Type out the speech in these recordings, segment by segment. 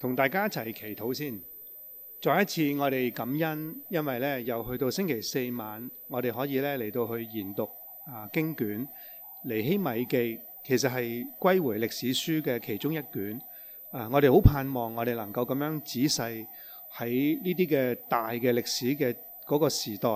同大家一齊祈禱先。再一次，我哋感恩，因為咧又去到星期四晚，我哋可以咧嚟到去研讀啊經卷《尼希米記》，其實係歸回歷史書嘅其中一卷。啊，我哋好盼望我哋能夠咁樣仔細喺呢啲嘅大嘅歷史嘅嗰個時代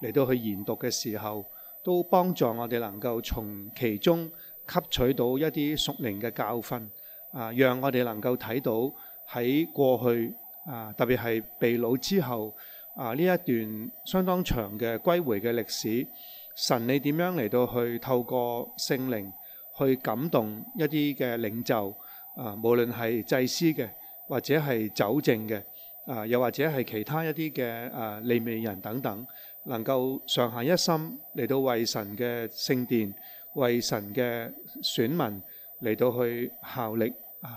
嚟到去研讀嘅時候，都幫助我哋能夠從其中吸取到一啲屬靈嘅教訓啊，讓我哋能夠睇到。喺過去啊，特別係被擄之後啊，呢一段相當長嘅歸回嘅歷史，神你點樣嚟到去透過聖靈去感動一啲嘅領袖啊，無論係祭司嘅或者係酒政嘅啊，又或者係其他一啲嘅啊利未人等等，能夠上下一心嚟到為神嘅聖殿、為神嘅選民嚟到去效力。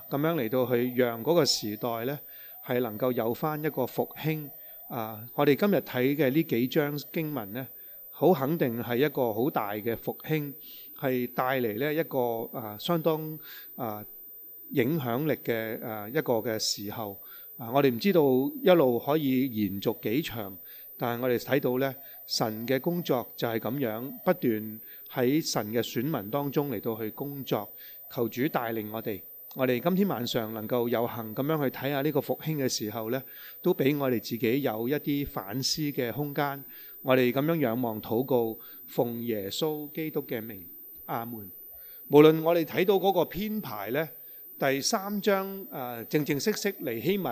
咁樣嚟到去，讓嗰個時代咧係能夠有翻一個復興啊！我哋今日睇嘅呢幾章經文咧，好肯定係一個好大嘅復興，係帶嚟咧一個啊相當啊影響力嘅啊一個嘅時候啊！我哋唔知道一路可以延續幾長，但係我哋睇到咧神嘅工作就係咁樣，不斷喺神嘅選民當中嚟到去工作，求主帶領我哋。我哋今天晚上能夠有幸咁樣去睇下呢個復興嘅時候咧，都俾我哋自己有一啲反思嘅空間。我哋咁樣仰望、禱告、奉耶穌基督嘅名，阿門。無論我哋睇到嗰個編排咧，第三章誒正正式式尼希米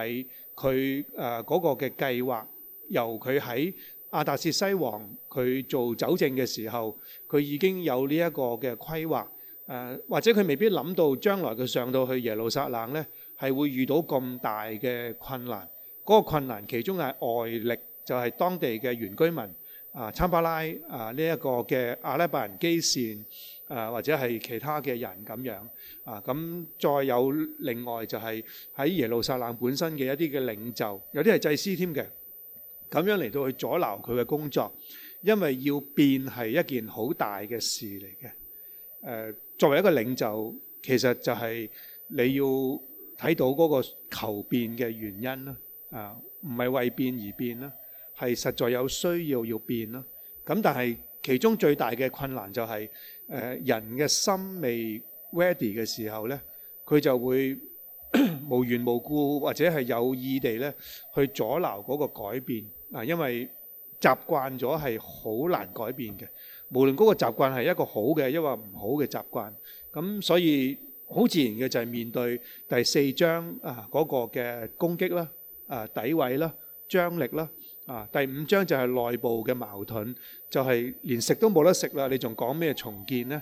佢誒嗰個嘅計劃，由佢喺亞達薛西王佢做酒政嘅時候，佢已經有呢一個嘅規劃。誒或者佢未必諗到將來佢上到去耶路撒冷呢，係會遇到咁大嘅困難。嗰個困難其中係外力，就係當地嘅原居民啊，參巴拉啊呢一個嘅阿拉伯人基線啊，或者係其他嘅人咁樣啊。咁再有另外就係喺耶路撒冷本身嘅一啲嘅領袖，有啲係祭司添嘅。咁樣嚟到去阻撓佢嘅工作，因為要變係一件好大嘅事嚟嘅。誒。作為一個領袖，其實就係你要睇到嗰個求變嘅原因啦，啊，唔係為變而變啦，係實在有需要要變啦。咁但係其中最大嘅困難就係，誒，人嘅心未 ready 嘅時候咧，佢就會無緣無故或者係有意地咧去阻撓嗰個改變，嗱，因為。習慣咗係好難改變嘅，無論嗰個習慣係一個好嘅，抑或唔好嘅習慣。咁所以好自然嘅就係面對第四章啊嗰個嘅攻擊啦、啊詆毀啦、張力啦、啊第五章就係內部嘅矛盾，就係連食都冇得食啦，你仲講咩重建呢？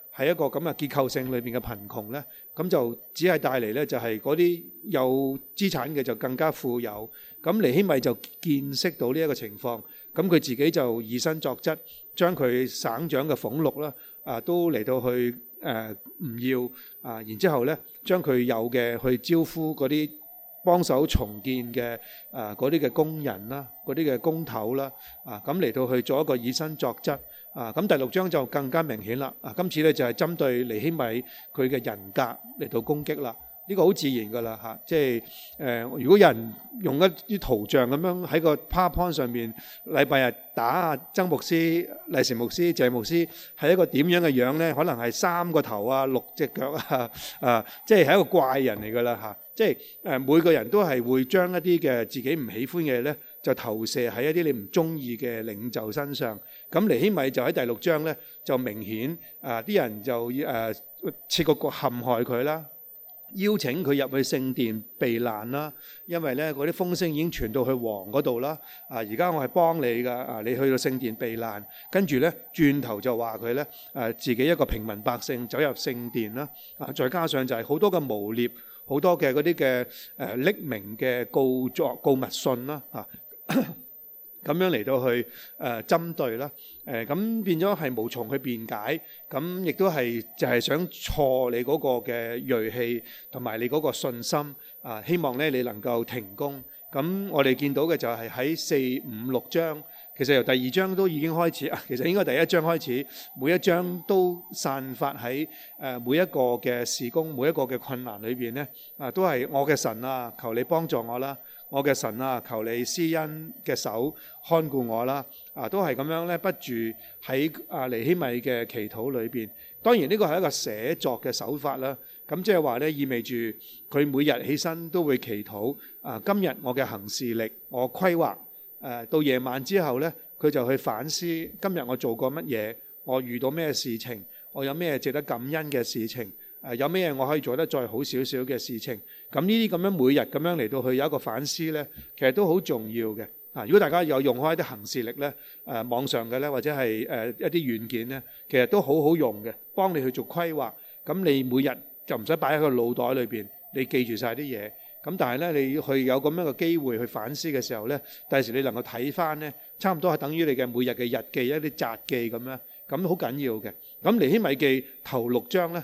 係一個咁嘅結構性裏面嘅貧窮咧，咁就只係帶嚟咧，就係嗰啲有資產嘅就更加富有，咁尼希米就見識到呢一個情況，咁佢自己就以身作則，將佢省長嘅俸祿啦，啊都嚟到去誒唔要啊，然之後咧將佢有嘅去招呼嗰啲幫手重建嘅啊嗰啲嘅工人啦，嗰啲嘅工頭啦，啊咁嚟到去做一個以身作則。啊，咁、嗯、第六章就更加明顯啦。啊，今次咧就係針對尼希米佢嘅人格嚟到攻擊啦。呢、這個好自然㗎啦嚇，即係誒、呃，如果有人用一啲圖像咁樣喺個 powerpoint 上面禮拜日打下曾牧師、黎成牧師、謝牧師，係一個點樣嘅樣咧？可能係三個頭啊，六隻腳啊，啊，即係係一個怪人嚟㗎啦嚇。即係、呃、每個人都係會將一啲嘅自己唔喜歡嘅嘢咧。就投射喺一啲你唔中意嘅領袖身上，咁尼希米就喺第六章咧，就明顯啊啲人就誒設個局陷害佢啦，邀請佢入去聖殿避難啦，因為咧嗰啲風聲已經傳到去王嗰度啦。啊，而家我係幫你㗎，啊，你去到聖殿避難，跟住咧轉頭就話佢咧誒自己一個平民百姓走入聖殿啦。啊，再加上就係好多嘅誣蔑，好多嘅嗰啲嘅誒匿名嘅告狀告密信啦，啊。咁樣嚟到去誒，針對啦，誒，咁變咗係無從去辯解，咁亦都係就係想挫你嗰個嘅銳氣，同埋你嗰個信心啊，希望咧你能夠停工。咁我哋見到嘅就係喺四五六章，其實由第二章都已經開始，其實應該第一章開始，每一章都散發喺誒每一個嘅事工，每一個嘅困難裏邊咧，啊，都係我嘅神啊，求你幫助我啦。我嘅神啊，求你施恩嘅手看顧我啦！啊，都係咁樣咧，不住喺啊尼希米嘅祈禱裏邊。當然呢個係一個寫作嘅手法啦。咁即係話咧，意味住佢每日起身都會祈禱。啊，今日我嘅行事曆，我規劃。誒、啊，到夜晚之後咧，佢就去反思今日我做過乜嘢，我遇到咩事情，我有咩值得感恩嘅事情。誒有咩嘢我可以做得再好少少嘅事情？咁呢啲咁樣每日咁樣嚟到去有一個反思咧，其實都好重要嘅。啊，如果大家有用開啲行事曆咧，誒網上嘅咧，或者係誒一啲軟件咧，其實都好好用嘅，幫你去做規劃。咁你每日就唔使擺喺個腦袋裏邊，你記住晒啲嘢。咁但係咧，你要去有咁樣嘅機會去反思嘅時候咧，第時你能夠睇返咧，差唔多係等於你嘅每日嘅日記一啲雜記咁樣，咁好緊要嘅。咁尼希米記頭六章咧。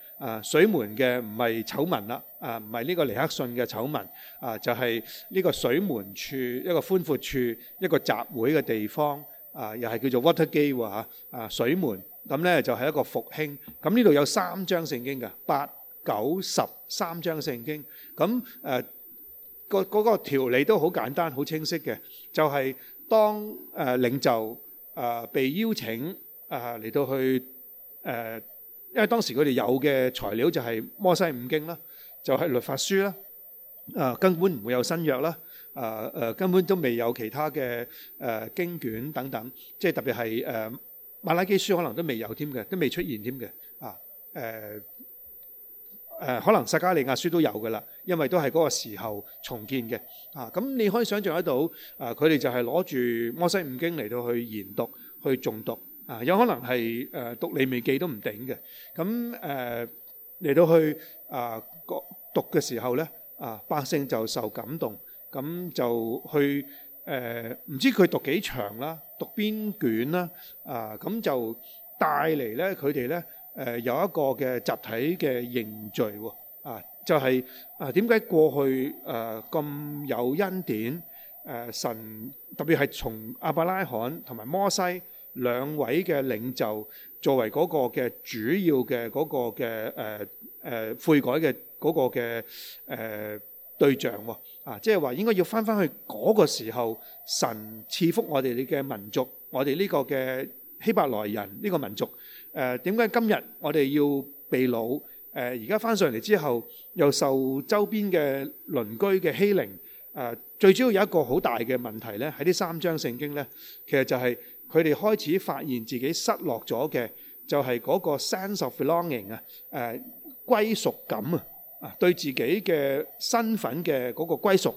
啊，水門嘅唔係醜聞啦，啊唔係呢個尼克遜嘅醜聞，啊就係呢個水門處一個寬闊處一個集會嘅地方，啊又係叫做 Watergate 嚇，啊水門，咁呢就係一個復興，咁呢度有三章聖經嘅八九十三章聖經，咁誒個嗰個條理都好簡單好清晰嘅，就係當誒領袖誒被邀請誒嚟到去誒。因為當時佢哋有嘅材料就係摩西五經啦，就係、是、律法書啦，啊、呃、根本唔會有新約啦，啊、呃、誒、呃、根本都未有其他嘅誒、呃、經卷等等，即係特別係誒馬拉基書可能都未有添嘅，都未出現添嘅，啊誒誒、呃呃、可能撒迦利亞書都有㗎喇，因為都係嗰個時候重建嘅，啊咁你可以想像得到，啊佢哋就係攞住摩西五經嚟到去研讀、去重讀。啊，有可能係誒讀《利未記》都唔頂嘅，咁誒嚟到去啊個讀嘅時候咧，啊百姓就受感動，咁就去誒唔知佢讀幾長啦，讀邊卷啦，啊咁就帶嚟咧佢哋咧誒有一個嘅集體嘅認罪喎，啊就係啊點解過去誒咁有恩典誒神特別係從亞伯拉罕同埋摩西。兩位嘅領袖作為嗰個嘅主要嘅嗰個嘅誒誒悔改嘅嗰個嘅誒對象喎啊，即係話應該要翻翻去嗰個時候，神賜福我哋嘅民族，我哋呢個嘅希伯來人呢個民族，誒點解今日我哋要被擄，誒而家翻上嚟之後又受周邊嘅鄰居嘅欺凌誒？最主要有一個好大嘅問題咧，喺呢三章聖經咧，其實就係。佢哋開始發現自己失落咗嘅、呃，就係嗰個 sense of belonging 啊，誒歸屬感啊，啊對自己嘅身份嘅嗰個歸屬，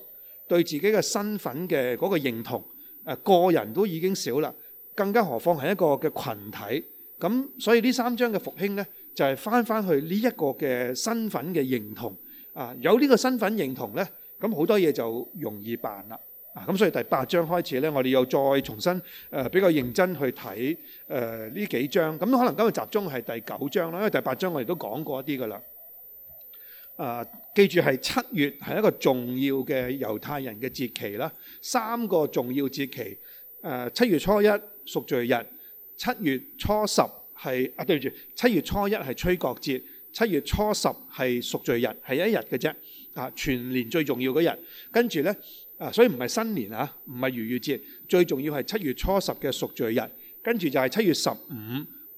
對自己嘅身份嘅嗰個，個認同，誒、呃、個人都已經少啦，更加何況係一個嘅群體，咁所以呢三章嘅復興呢，就係返返去呢一個嘅身份嘅認同啊、呃，有呢個身份認同呢，咁好多嘢就容易辦啦。啊！咁所以第八章開始咧，我哋又再重新誒、呃、比較認真去睇誒呢幾章。咁、嗯、可能今日集中係第九章啦，因為第八章我哋都講過一啲噶啦。啊，記住係七月係一個重要嘅猶太人嘅節期啦，三個重要節期。誒、呃，七月初一贖罪日，七月初十係啊，對住七月初一係吹角節，七月初十係贖罪日，係一日嘅啫。啊，全年最重要嘅日，跟住咧。啊！所以唔係新年啊，唔係逾越節，最重要係七月初十嘅贖罪日，跟住就係七月十五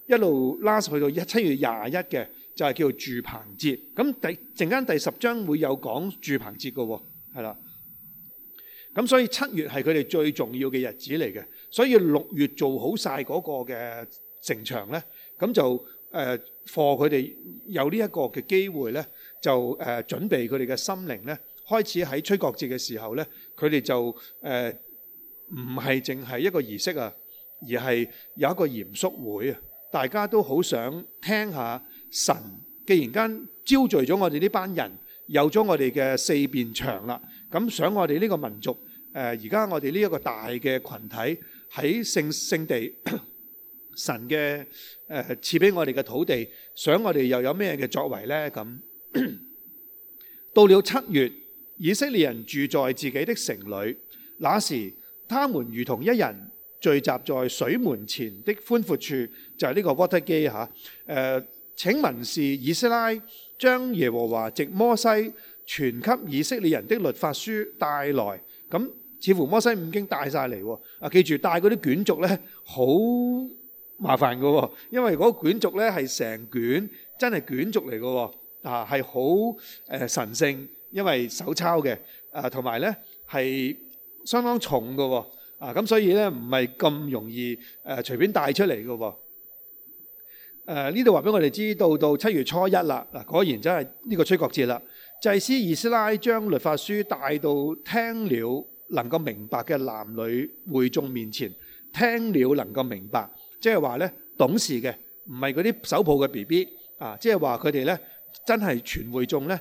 一路拉去到一七月廿一嘅，就係叫做住棚節。咁第陣間第十章會有講住棚節嘅，係啦。咁所以七月係佢哋最重要嘅日子嚟嘅，所以六月做好晒嗰個嘅城牆咧，咁就誒，課佢哋有呢一個嘅機會咧，就誒、呃、準備佢哋嘅心靈咧。開始喺吹角節嘅時候呢，佢哋就誒，唔係淨係一個儀式啊，而係有一個嚴肅會啊！大家都好想聽一下神，既然間招聚咗我哋呢班人，有咗我哋嘅四邊牆啦，咁想我哋呢個民族誒，而、呃、家我哋呢一個大嘅群體喺聖聖地神嘅誒賜俾我哋嘅土地，想我哋又有咩嘅作為呢？咁到了七月。以色列人住在自己的城裏，那時他們如同一人聚集在水門前的寬闊處，就係呢個 water gate 吓。誒，請文士以斯拉將耶和華直摩西傳給以色列人的律法書帶來。咁似乎摩西五經帶晒嚟。啊，記住帶嗰啲卷軸咧，好麻煩噶，因為嗰卷軸咧係成卷，真係卷軸嚟噶，啊係好誒神聖。因為手抄嘅，誒同埋呢係相當重㗎喎，啊咁所以呢唔係咁容易誒隨、啊、便帶出嚟嘅喎。呢度話俾我哋知道，到七月初一啦，嗱、啊、果然真係呢個吹角節啦。祭司以斯拉將律法書帶到聽了能夠明白嘅男女會眾面前，聽了能夠明白，即係話呢，懂事嘅，唔係嗰啲手抱嘅 B B 啊，即係話佢哋呢，真係全會眾呢。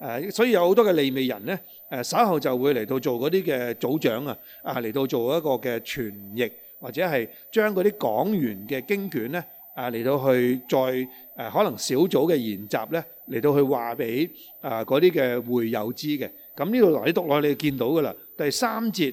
誒，所以有好多嘅利未人咧，誒稍後就會嚟到做嗰啲嘅組長啊，啊嚟到做一個嘅傳譯，或者係將嗰啲講完嘅經卷咧，啊嚟到去再誒可能小組嘅研習咧，嚟到去話俾啊嗰啲嘅會友知嘅。咁呢度攞啲讀落，你就見到㗎啦。第三節，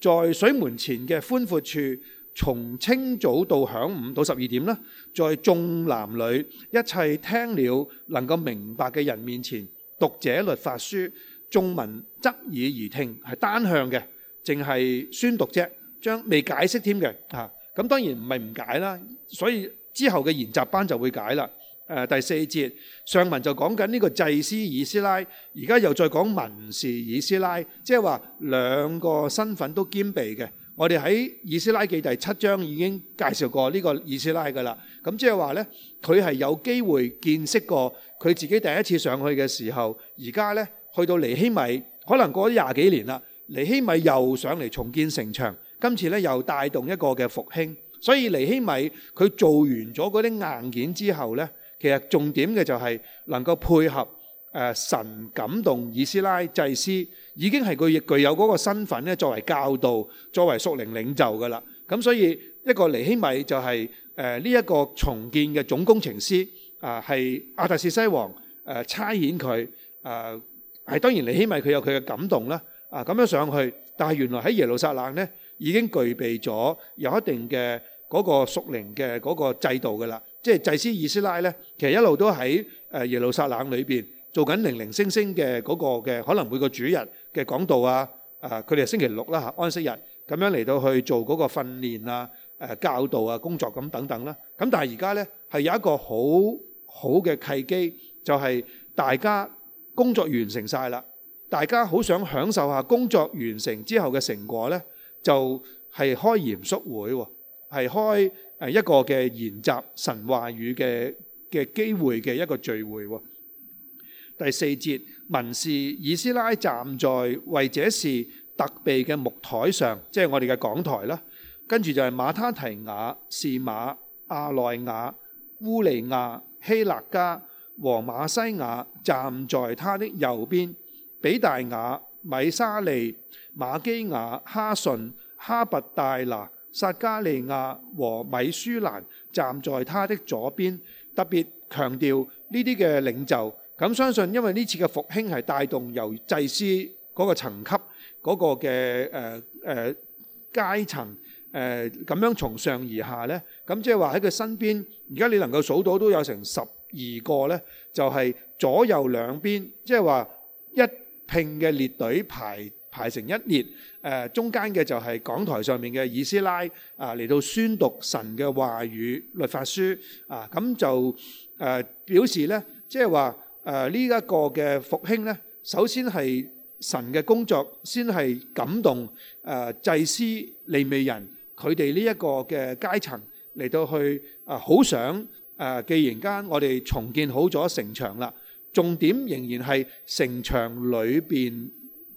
在水門前嘅寬闊處。從清早到晌午到十二點啦，在眾男女一切聽了能夠明白嘅人面前讀這律法書，眾民側耳而聽，係單向嘅，淨係宣讀啫，將未解釋添嘅嚇。咁、啊、當然唔係唔解啦，所以之後嘅研習班就會解啦、呃。第四節上文就講緊呢個祭司以斯拉，而家又再講文士以斯拉，即係話兩個身份都兼備嘅。我哋喺《以斯拉記》第七章已經介紹過呢個以斯拉嘅啦，咁即係話呢，佢係有機會見識過佢自己第一次上去嘅時候，而家呢，去到尼希米，可能過咗廿幾年啦，尼希米又上嚟重建城牆，今次呢又帶動一個嘅復興，所以尼希米佢做完咗嗰啲硬件之後呢，其實重點嘅就係能夠配合。誒神感動以斯拉祭司已經係佢亦具有嗰個身份咧，作為教導、作為屬靈領袖嘅啦。咁所以一個尼希米就係誒呢一個重建嘅總工程師啊，係亞達薛西王誒差遣佢啊，係當然尼希米佢有佢嘅感動啦。啊咁樣上去，但係原來喺耶路撒冷咧已經具備咗有一定嘅嗰個屬靈嘅嗰個制度嘅啦。即係祭司以斯拉咧，其實一路都喺誒耶路撒冷裏邊。做緊零零星星嘅嗰個嘅，可能每個主日嘅講道啊，啊佢哋係星期六啦嚇，安息日咁樣嚟到去做嗰個訓練啊、誒教導啊、工作咁等等啦。咁但係而家呢係有一個好好嘅契機，就係大家工作完成曬啦，大家好想享受下工作完成之後嘅成果呢，就係開嚴肅會，係開誒一個嘅研習神話語嘅嘅機會嘅一個聚會喎。第四節，文士以斯拉站在為這事特備嘅木台上，即係我哋嘅講台啦。跟住就係馬他提雅、是馬阿內亞、烏尼亞、希勒加和馬西亞站在他的右邊，比大雅、米沙利、馬基亞、哈順、哈拔大拿、撒加利亞和米舒蘭站在他的左邊。特別強調呢啲嘅領袖。咁相信，因為呢次嘅復興係帶動由祭司嗰個層級嗰個嘅誒誒階層誒咁樣從上而下咧，咁即係話喺佢身邊，而家你能夠數到都有成十二個咧，就係左右兩邊，即係話一拼嘅列隊排排成一列，誒中間嘅就係講台上面嘅以斯拉啊嚟到宣讀神嘅話語律法書啊，咁就誒表示咧，即係話。誒呢一個嘅復興呢，首先係神嘅工作，先係感動誒祭司、利未人佢哋呢一個嘅階層嚟到去誒好想誒，既然間我哋重建好咗城牆啦，重點仍然係城牆裏邊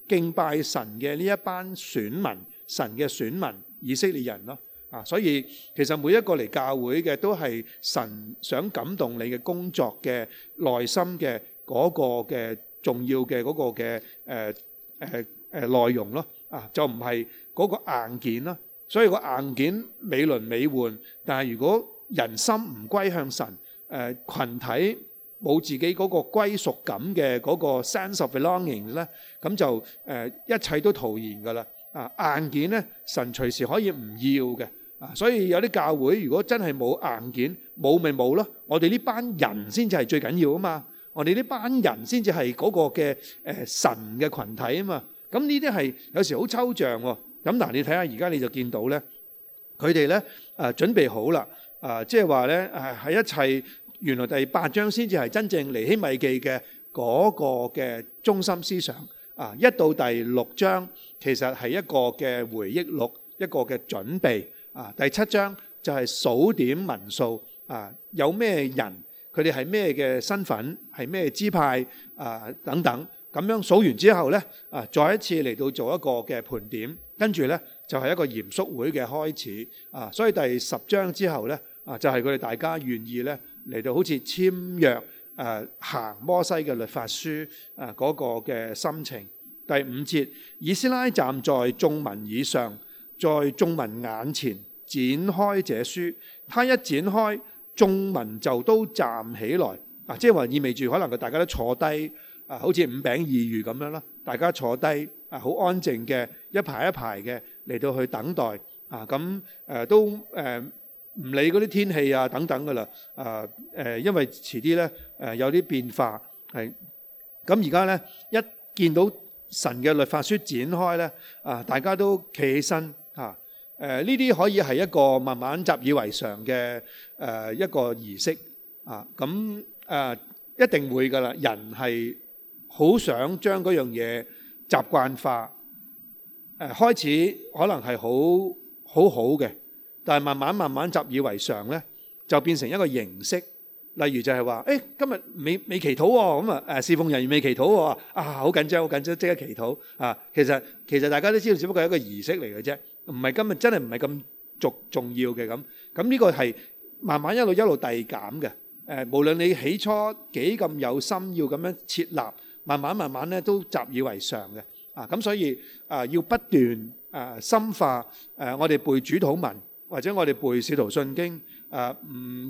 敬拜神嘅呢一班選民，神嘅選民以色列人咯。啊，所以其實每一個嚟教會嘅都係神想感動你嘅工作嘅內心嘅嗰個嘅重要嘅嗰個嘅誒誒誒內容咯。啊，就唔係嗰個硬件咯。所以個硬件美輪美奐，但係如果人心唔歸向神，誒群體冇自己嗰個歸屬感嘅嗰個 sense of belonging 咧，咁就誒一切都徒然噶啦。啊，硬件咧神隨時可以唔要嘅。啊，所以有啲教會如果真係冇硬件，冇咪冇咯。我哋呢班人先至係最緊要啊嘛！我哋呢班人先至係嗰個嘅誒神嘅羣體啊嘛。咁呢啲係有時好抽象喎。咁嗱，你睇下而家你就見到咧，佢哋咧啊準備好啦啊，即係話咧，喺一切原來第八章先至係真正尼希米記嘅嗰個嘅中心思想啊。一到第六章，其實係一個嘅回憶錄，一個嘅準備。啊！第七章就係數點民數，啊有咩人，佢哋係咩嘅身份，係咩支派，啊等等，咁樣數完之後呢，啊再一次嚟到做一個嘅盤點，跟住呢就係、是、一個嚴肅會嘅開始，啊所以第十章之後呢，啊就係佢哋大家願意呢嚟到好似簽約，誒、啊、行摩西嘅律法書，啊嗰、那個嘅心情。第五節，以斯拉站在眾民以上，在眾民眼前。展開這書，他一展開，眾民就都站起來。啊，即係話意味住可能佢大家都坐低，啊，好似五餅二魚咁樣啦，大家坐低，啊，好安靜嘅，一排一排嘅嚟到去等待。啊，咁誒都誒唔理嗰啲天氣啊等等嘅啦。啊誒，因為遲啲呢誒有啲變化係。咁而家呢一見到神嘅律法書展開呢，啊，大家都企起身嚇。誒呢啲可以係一個慢慢習以為常嘅誒、呃、一個儀式啊，咁、呃、誒一定會㗎啦。人係好想將嗰樣嘢習慣化，誒、呃、開始可能係好好好嘅，但係慢慢慢慢習以為常咧，就變成一個形式。例如就係話，誒、哎、今日未未祈禱喎、啊，咁啊侍奉人員未祈禱喎、啊，啊好緊張好緊張即刻祈禱啊！其實其實大家都知道，只不過係一個儀式嚟嘅啫。唔係今日真係唔係咁重重要嘅，咁，咁呢個係慢慢一路一路遞減嘅。誒、呃，無論你起初幾咁有心要咁樣設立，慢慢慢慢咧都習以為常嘅。啊，咁所以啊，要不斷誒、啊、深化誒、啊，我哋背主禱文或者我哋背使徒信經誒，唔、啊、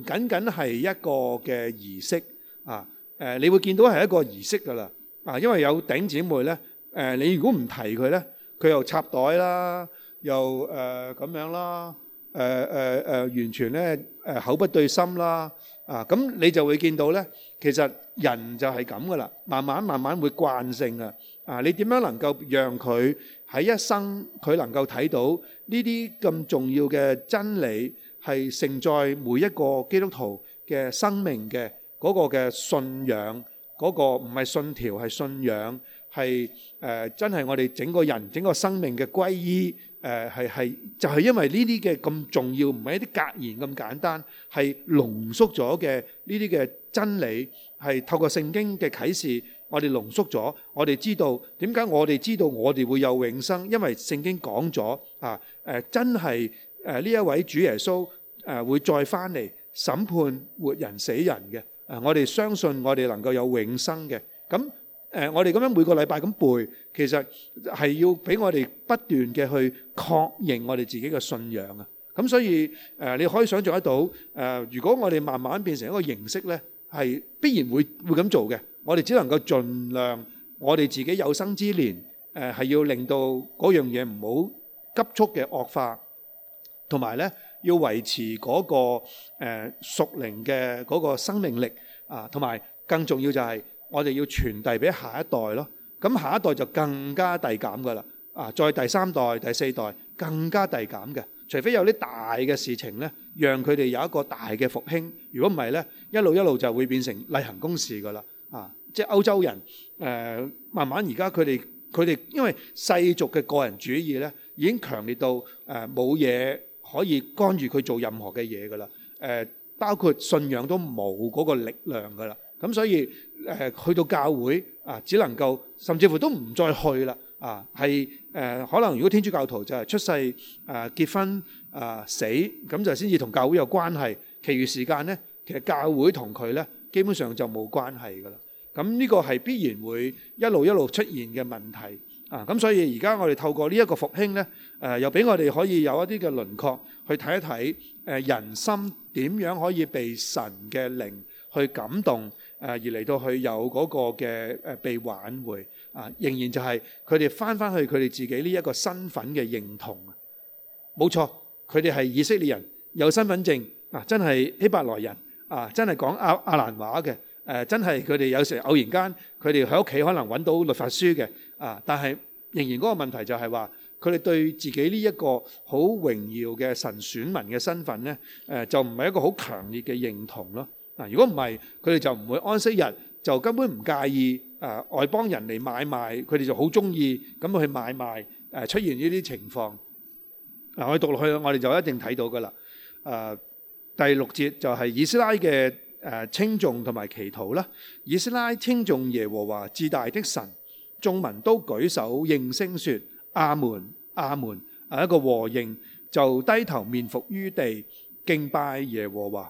僅僅係一個嘅儀式啊，啊。你會見到係一個儀式㗎啦。啊，因為有頂姊妹咧，誒、啊，你如果唔提佢咧，佢又插袋啦。又誒咁樣啦，誒誒誒完全咧誒口不對心啦，啊咁你就會見到咧，其實人就係咁噶啦，慢慢慢慢會慣性啊，啊你點樣能夠讓佢喺一生佢能夠睇到呢啲咁重要嘅真理，係承載每一個基督徒嘅生命嘅嗰個嘅信仰，嗰個唔係信條係信仰，係誒真係我哋整個人整個生命嘅歸依。誒係係，就係因為呢啲嘅咁重要，唔係一啲格言咁簡單，係濃縮咗嘅呢啲嘅真理，係透過聖經嘅啟示，我哋濃縮咗，我哋知道點解我哋知道我哋會有永生，因為聖經講咗啊誒真係誒呢一位主耶穌誒會再返嚟審判活人死人嘅，啊我哋相信我哋能夠有永生嘅，咁。誒，我哋咁樣每個禮拜咁背，其實係要俾我哋不斷嘅去確認我哋自己嘅信仰啊。咁所以誒，你可以想像得到，誒，如果我哋慢慢變成一個形式咧，係必然會會咁做嘅。我哋只能夠盡量我哋自己有生之年誒，係要令到嗰樣嘢唔好急速嘅惡化，同埋咧要維持嗰個誒屬靈嘅嗰個生命力啊，同埋更重要就係。我哋要傳遞俾下一代咯，咁下一代就更加遞減噶啦，啊，再第三代、第四代更加遞減嘅，除非有啲大嘅事情呢，讓佢哋有一個大嘅復興。如果唔係呢，一路一路就會變成例行公事噶啦，啊，即係歐洲人、呃、慢慢而家佢哋佢哋因為世俗嘅個人主義呢，已經強烈到呃、冇嘢可以干預佢做任何嘅嘢噶啦，呃、包括信仰都冇嗰個力量噶啦。咁所以誒去到教會啊，只能夠，甚至乎都唔再去啦啊，係誒，可能如果天主教徒就係出世誒、結婚啊、死，咁就先至同教會有關係，其餘時間呢，其實教會同佢呢基本上就冇關係㗎喇。咁呢個係必然會一路一路出現嘅問題啊！咁所以而家我哋透過呢一個復興呢，誒又俾我哋可以有一啲嘅輪廓去睇一睇誒，人心點樣可以被神嘅靈去感動。誒而嚟到去有嗰個嘅誒被挽回啊，仍然就係佢哋翻翻去佢哋自己呢一個身份嘅認同啊，冇錯，佢哋係以色列人，有身份證啊，真係希伯來人啊，真係講亞亞蘭話嘅誒，真係佢哋有時偶然間佢哋喺屋企可能揾到律法書嘅啊，但係仍然嗰個問題就係話佢哋對自己呢一個好榮耀嘅神選民嘅身份呢，誒就唔係一個好強烈嘅認同咯。嗱，如果唔係，佢哋就唔會安息日，就根本唔介意誒外邦人嚟買賣，佢哋就好中意咁去買賣誒出現呢啲情況。嗱，我讀落去，我哋就一定睇到噶啦。誒，第六節就係以斯拉嘅誒稱頌同埋祈禱啦。以斯拉稱頌耶和華至大的神，眾民都舉手應聲説阿門，阿門，一個和應就低頭面伏於地敬拜耶和華。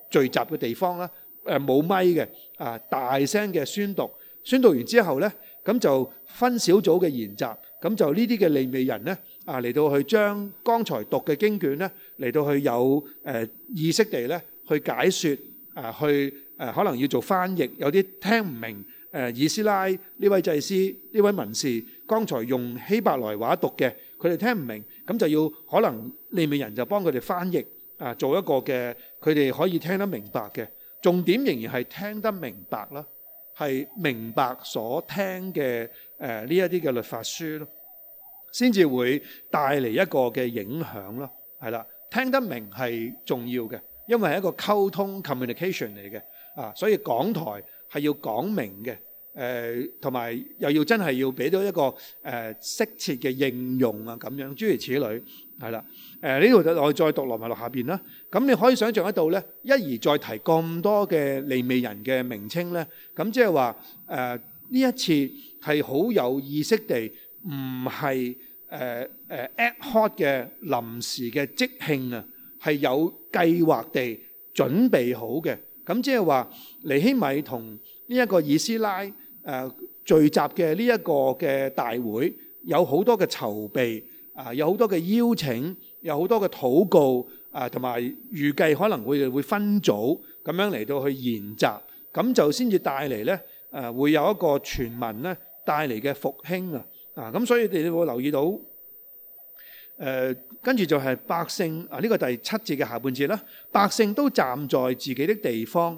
聚集嘅地方啦，誒冇咪嘅，啊大聲嘅宣讀，宣讀完之後咧，咁就分小組嘅研習，咁就呢啲嘅利未人咧，啊嚟到去將剛才讀嘅經卷咧，嚟到去有誒意識地咧去解説，啊去誒可能要做翻譯，有啲聽唔明，誒以斯拉呢位祭司呢位文士，剛才用希伯來話讀嘅，佢哋聽唔明，咁就要可能利未人就幫佢哋翻譯。啊，做一個嘅佢哋可以聽得明白嘅重點，仍然係聽得明白啦，係明白所聽嘅誒呢一啲嘅律法書咯，先至會帶嚟一個嘅影響咯，係啦，聽得明係重要嘅，因為係一個溝通 communication 嚟嘅啊，所以講台係要講明嘅。誒同埋又要真係要俾到一個誒適切嘅應用啊，咁樣諸如此類，係啦。誒呢度我再讀落埋落下邊啦。咁你可以想象得到咧，一而再提咁多嘅利未人嘅名稱咧，咁即係話誒呢一次係好有意識地唔係誒誒 ad hoc 嘅臨時嘅即興啊，係有計劃地準備好嘅。咁即係話尼希米同呢一個以斯拉。聚集嘅呢一個嘅大會有很，有好多嘅籌備，啊有好多嘅邀請，有好多嘅禱告，啊同埋預計可能會會分組咁樣嚟到去研習，咁就先至帶嚟呢，誒會有一個全民咧帶嚟嘅復興啊，啊咁所以你哋會留意到，跟住就係百姓啊呢個第七節嘅下半節啦，百姓都站在自己的地方。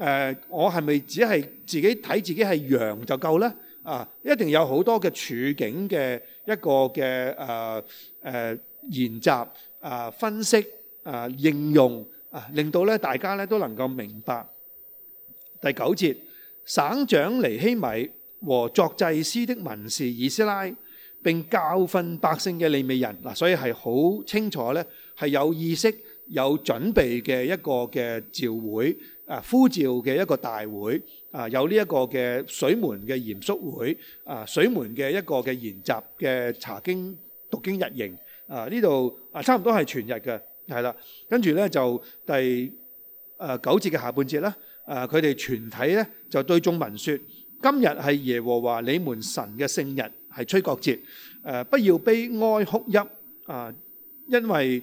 誒、呃，我係咪只係自己睇自己係羊就夠呢？啊，一定有好多嘅處境嘅一個嘅誒誒研習啊，分析啊、呃，應用啊，令到咧大家咧都能夠明白第九節，省長尼希米和作祭司的文士以斯拉，並教訓百姓嘅利未人嗱，所以係好清楚呢，係有意識、有準備嘅一個嘅召會。啊，呼召嘅一個大會啊，有呢一個嘅水門嘅嚴肅會啊，水門嘅一個嘅研習嘅查經讀經日營啊，呢度啊差唔多係全日嘅，係啦，跟住咧就第誒九節嘅下半節啦，誒佢哋全體咧就對眾民説：今日係耶和華你們神嘅聖日，係吹角節，誒不要悲哀哭泣啊，因為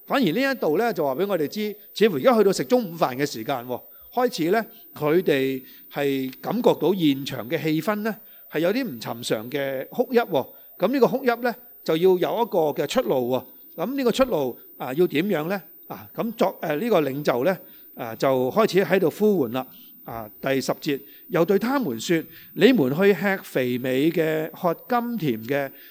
反而呢一度呢，就話俾我哋知，似乎而家去到食中午飯嘅時間，開始呢佢哋係感覺到現場嘅氣氛呢係有啲唔尋常嘅哭泣，咁呢個哭泣呢就要有一個嘅出路喎。咁呢個出路啊要點樣呢？啊咁作誒呢個領袖呢啊就開始喺度呼喚啦。啊第十節又對他們説：你們去吃肥美嘅，喝甘甜嘅。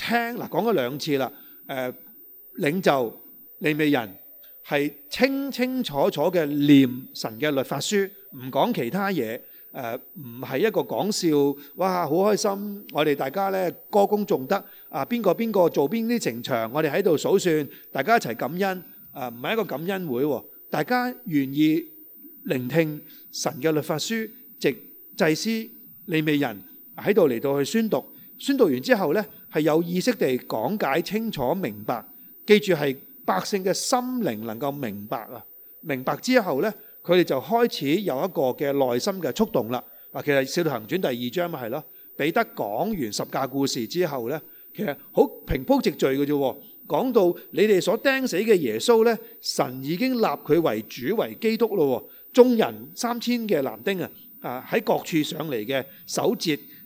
聽嗱，講咗兩次啦。誒，領袖利未人係清清楚楚嘅念神嘅律法書，唔講其他嘢。誒，唔係一個講笑，哇，好開心！我哋大家咧歌功頌德啊，邊個邊個做邊啲情場，我哋喺度數算，大家一齊感恩啊，唔係一個感恩會。大家願意聆聽神嘅律法書，藉祭司利未人喺度嚟到去宣讀，宣讀完之後咧。係有意識地講解清楚明白，記住係百姓嘅心靈能夠明白啊！明白之後咧，佢哋就開始有一個嘅內心嘅觸動啦。嗱，其實《使徒行傳》第二章咪係咯，彼得講完十架故事之後咧，其實好平鋪直敍嘅啫，講到你哋所釘死嘅耶穌咧，神已經立佢為主為基督咯。眾人三千嘅男丁啊，啊喺各處上嚟嘅守節。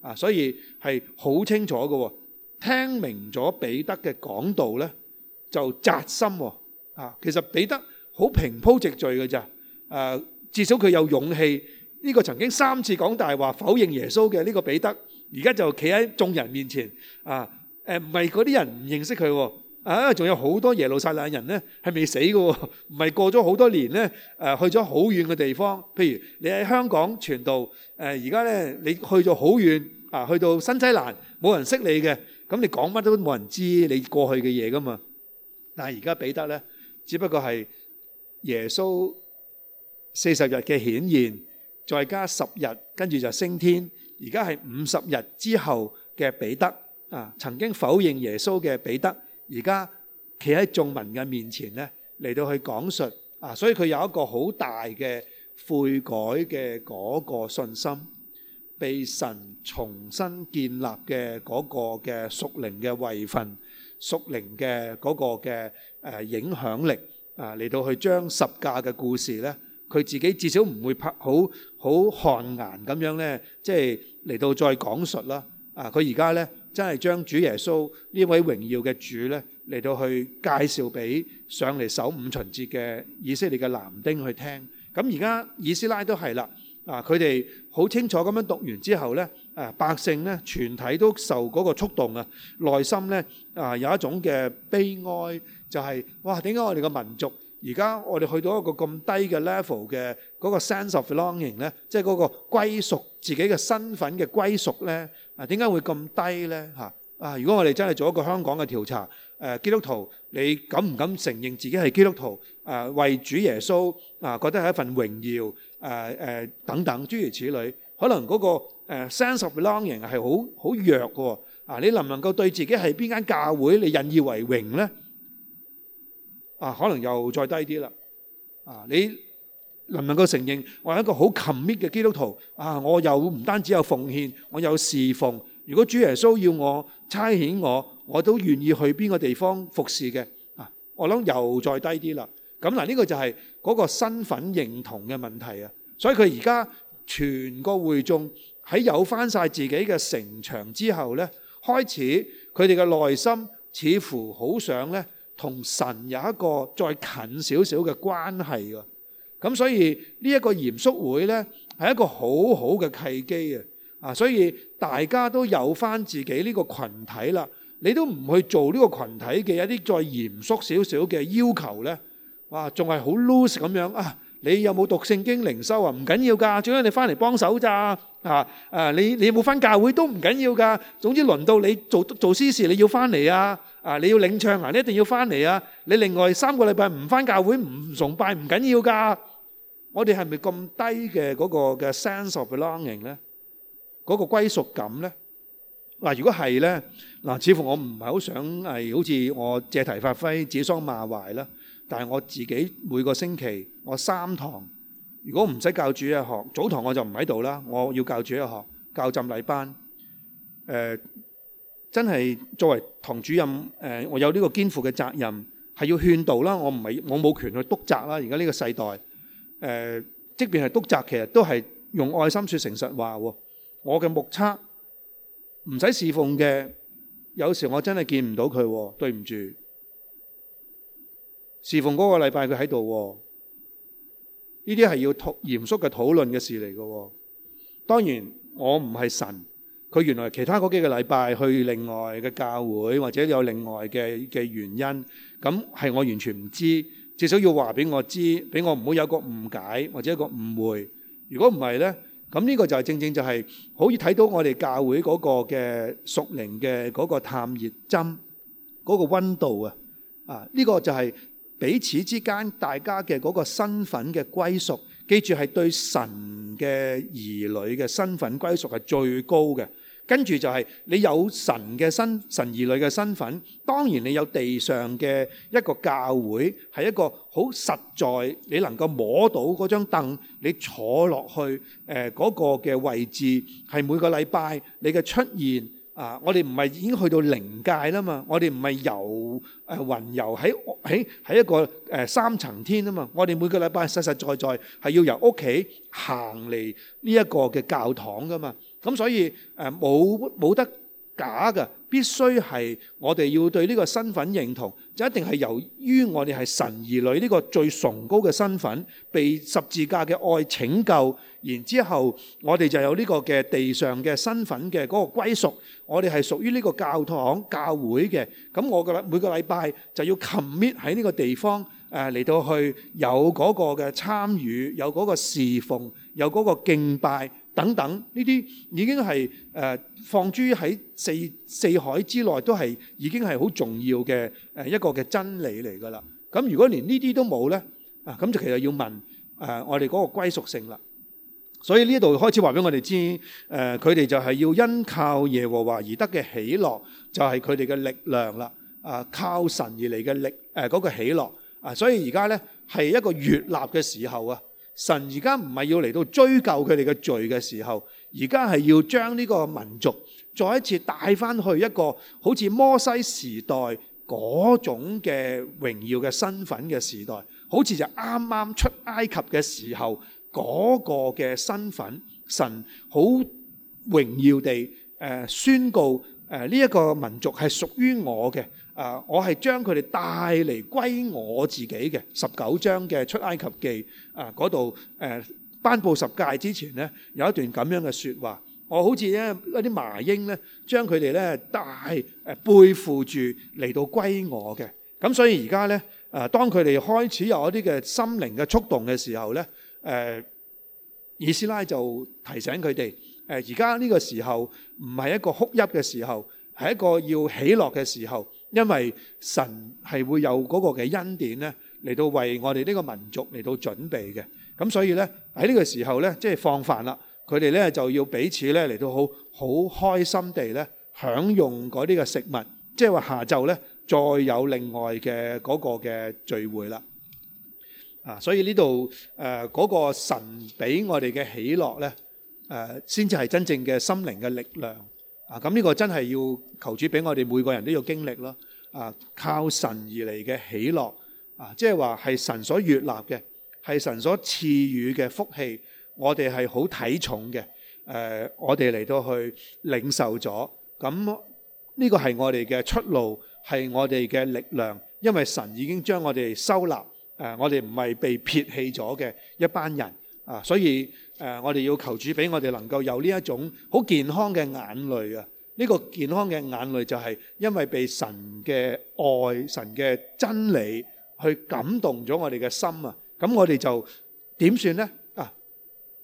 啊，所以係好清楚嘅，聽明咗彼得嘅講道咧，就扎心喎。啊，其實彼得好平鋪直敍嘅咋？誒，至少佢有勇氣。呢個曾經三次講大話否認耶穌嘅呢個彼得，而家就企喺眾人面前。啊，誒，唔係嗰啲人唔認識佢喎。啊！仲有好多耶路撒冷人呢，係未死嘅，唔係過咗好多年呢，誒去咗好遠嘅地方。譬如你喺香港傳道，誒而家呢你去咗好遠，啊去到新西蘭，冇人識你嘅，咁你講乜都冇人知你過去嘅嘢噶嘛。但係而家彼得呢，只不過係耶穌四十日嘅顯現，再加十日，跟住就升天。而家係五十日之後嘅彼得啊，曾經否認耶穌嘅彼得。而家企喺眾民嘅面前咧，嚟到去講述啊，所以佢有一個好大嘅悔改嘅嗰個信心，被神重新建立嘅嗰個嘅屬靈嘅位份、屬靈嘅嗰個嘅誒影響力啊，嚟到去將十架嘅故事咧，佢自己至少唔會拍好好汗顏咁樣咧，即係嚟到再講述啦啊！佢而家咧。真係將主耶穌呢位榮耀嘅主咧，嚟到去介紹俾上嚟守五旬節嘅以色列嘅男丁去聽。咁而家以斯拉都係啦，啊佢哋好清楚咁樣讀完之後咧，啊百姓咧全體都受嗰個觸動啊，內心咧啊有一種嘅悲哀，就係哇，點解我哋嘅民族而家我哋去到一個咁低嘅 level 嘅嗰個 sense of belonging 咧，即係嗰個歸屬自己嘅身份嘅歸屬咧。嗱點解會咁低呢？吓啊！如果我哋真係做一個香港嘅調查，誒基督徒你敢唔敢承認自己係基督徒？誒為主耶穌啊，覺得係一份榮耀，誒誒等等諸如此類。可能嗰個誒 sense of belonging 係好好弱嘅。啊，你能唔能夠對自己係邊間教會你引以為榮呢？啊，可能又再低啲啦。啊，你能唔能夠承認我係一個好 commit 嘅基督徒啊？我又唔單止有奉獻，我有侍奉。如果主耶穌要我差遣我，我都願意去邊個地方服侍嘅啊！我諗又再低啲啦。咁、啊、嗱，呢、這個就係嗰個身份認同嘅問題啊。所以佢而家全個會眾喺有翻晒自己嘅城牆之後呢，開始佢哋嘅內心似乎好想呢，同神有一個再近少少嘅關係啊。咁所以呢一個嚴肅會咧係一個好好嘅契機啊！啊，所以大家都有翻自己呢個群體啦，你都唔去做呢個群體嘅一啲再嚴肅少少嘅要求咧，哇，仲係好 loose 咁樣啊！你有冇讀聖經靈修啊？唔緊要㗎，最緊要你翻嚟幫手咋啊啊！你你有冇翻教會都唔緊要㗎，總之輪到你做做詩事你要翻嚟啊！啊，你要領唱啊，你一定要翻嚟啊！你另外三個禮拜唔翻教會唔崇拜唔緊要㗎。我哋係咪咁低嘅嗰個嘅 sense of belonging 咧？嗰個歸屬感咧？嗱，如果係咧，嗱，似乎我唔係好想係好似我借題發揮指桑罵槐啦。但係我自己每個星期我三堂，如果唔使教主日學，早堂我就唔喺度啦。我要教主日學，教浸禮班。誒，真係作為堂主任，誒，我有呢個肩負嘅責任，係要勸導啦。我唔係我冇權去督責啦。而家呢個世代。誒、呃，即便係督責，其實都係用愛心說誠實話喎。我嘅目測唔使侍奉嘅，有時候我真係見唔到佢，對唔住。侍奉嗰個禮拜佢喺度，呢啲係要嚴肅嘅討論嘅事嚟嘅。當然我唔係神，佢原來其他嗰幾個禮拜去另外嘅教會，或者有另外嘅嘅原因，咁係我完全唔知。至少要話俾我知，俾我唔好有個誤解或者一個誤會。如果唔係呢，咁呢個就係正正就係可以睇到我哋教會嗰個嘅屬靈嘅嗰個探熱針嗰個温度啊！啊，呢個就係彼此之間大家嘅嗰個身份嘅歸屬，記住係對神嘅兒女嘅身份歸屬係最高嘅。跟住就係你有神嘅身，神兒女嘅身份，當然你有地上嘅一個教會，係一個好實在，你能夠摸到嗰張凳，你坐落去誒嗰個嘅位置，係每個禮拜你嘅出現啊！我哋唔係已經去到靈界啦嘛，我哋唔係遊誒雲遊喺喺喺一個誒三層天啊嘛，我哋每個禮拜實實在在係要由屋企行嚟呢一個嘅教堂噶嘛。咁所以誒冇冇得假嘅，必須係我哋要對呢個身份認同，就一定係由於我哋係神兒女呢個最崇高嘅身份，被十字架嘅愛拯救，然之後我哋就有呢個嘅地上嘅身份嘅嗰個歸屬，我哋係屬於呢個教堂教會嘅。咁我覺得每個禮拜就要 commit 喺呢個地方誒嚟到去有嗰個嘅參與，有嗰個侍奉，有嗰個敬拜。等等呢啲已經係誒、呃、放諸喺四四海之內都係已經係好重要嘅誒一個嘅真理嚟噶啦。咁如果連呢啲都冇呢，啊咁就其實要問誒、呃、我哋嗰個歸屬性啦。所以呢度開始話俾我哋知，誒佢哋就係要因靠耶和華而得嘅喜樂，就係佢哋嘅力量啦。啊、呃，靠神而嚟嘅力誒嗰、呃那個喜樂啊，所以而家呢，係一個越立嘅時候啊。神而家唔係要嚟到追究佢哋嘅罪嘅時候，而家係要將呢個民族再一次帶翻去一個好似摩西時代嗰種嘅榮耀嘅身份嘅時代，好似就啱啱出埃及嘅時候，嗰個嘅身份，神好榮耀地誒宣告誒呢一個民族係屬於我嘅。啊！我係將佢哋帶嚟歸我自己嘅十九章嘅出埃及記啊嗰度誒，頒布十戒之前呢，有一段咁樣嘅説話。我好似一啲麻鷹呢，將佢哋咧帶誒背負住嚟到歸我嘅。咁所以而家呢，啊當佢哋開始有一啲嘅心靈嘅觸動嘅時候呢，誒以斯拉就提醒佢哋，誒而家呢個時候唔係一個哭泣嘅時候，係一個要喜樂嘅時候。因為神係會有嗰個嘅恩典咧，嚟到為我哋呢個民族嚟到準備嘅，咁所以呢，喺呢個時候呢，即係放飯啦，佢哋呢就要彼此呢嚟到好好開心地呢享用嗰啲嘅食物，即係話下晝呢再有另外嘅嗰個嘅聚會啦。啊，所以呢度誒嗰個神俾我哋嘅喜樂呢，誒先至係真正嘅心靈嘅力量。啊！咁呢個真係要求主俾我哋每個人都要經歷咯。啊，靠神而嚟嘅喜樂，啊，即係話係神所悅納嘅，係神所賜予嘅福氣，我哋係好睇重嘅。誒，我哋嚟到去領受咗，咁、這、呢個係我哋嘅出路，係我哋嘅力量，因為神已經將我哋收納。誒，我哋唔係被撇棄咗嘅一班人。啊，所以。誒，我哋要求主俾我哋能夠有呢一種好健康嘅眼淚啊！呢個健康嘅眼淚就係因為被神嘅愛、神嘅真理去感動咗我哋嘅心啊！咁我哋就點算呢？啊，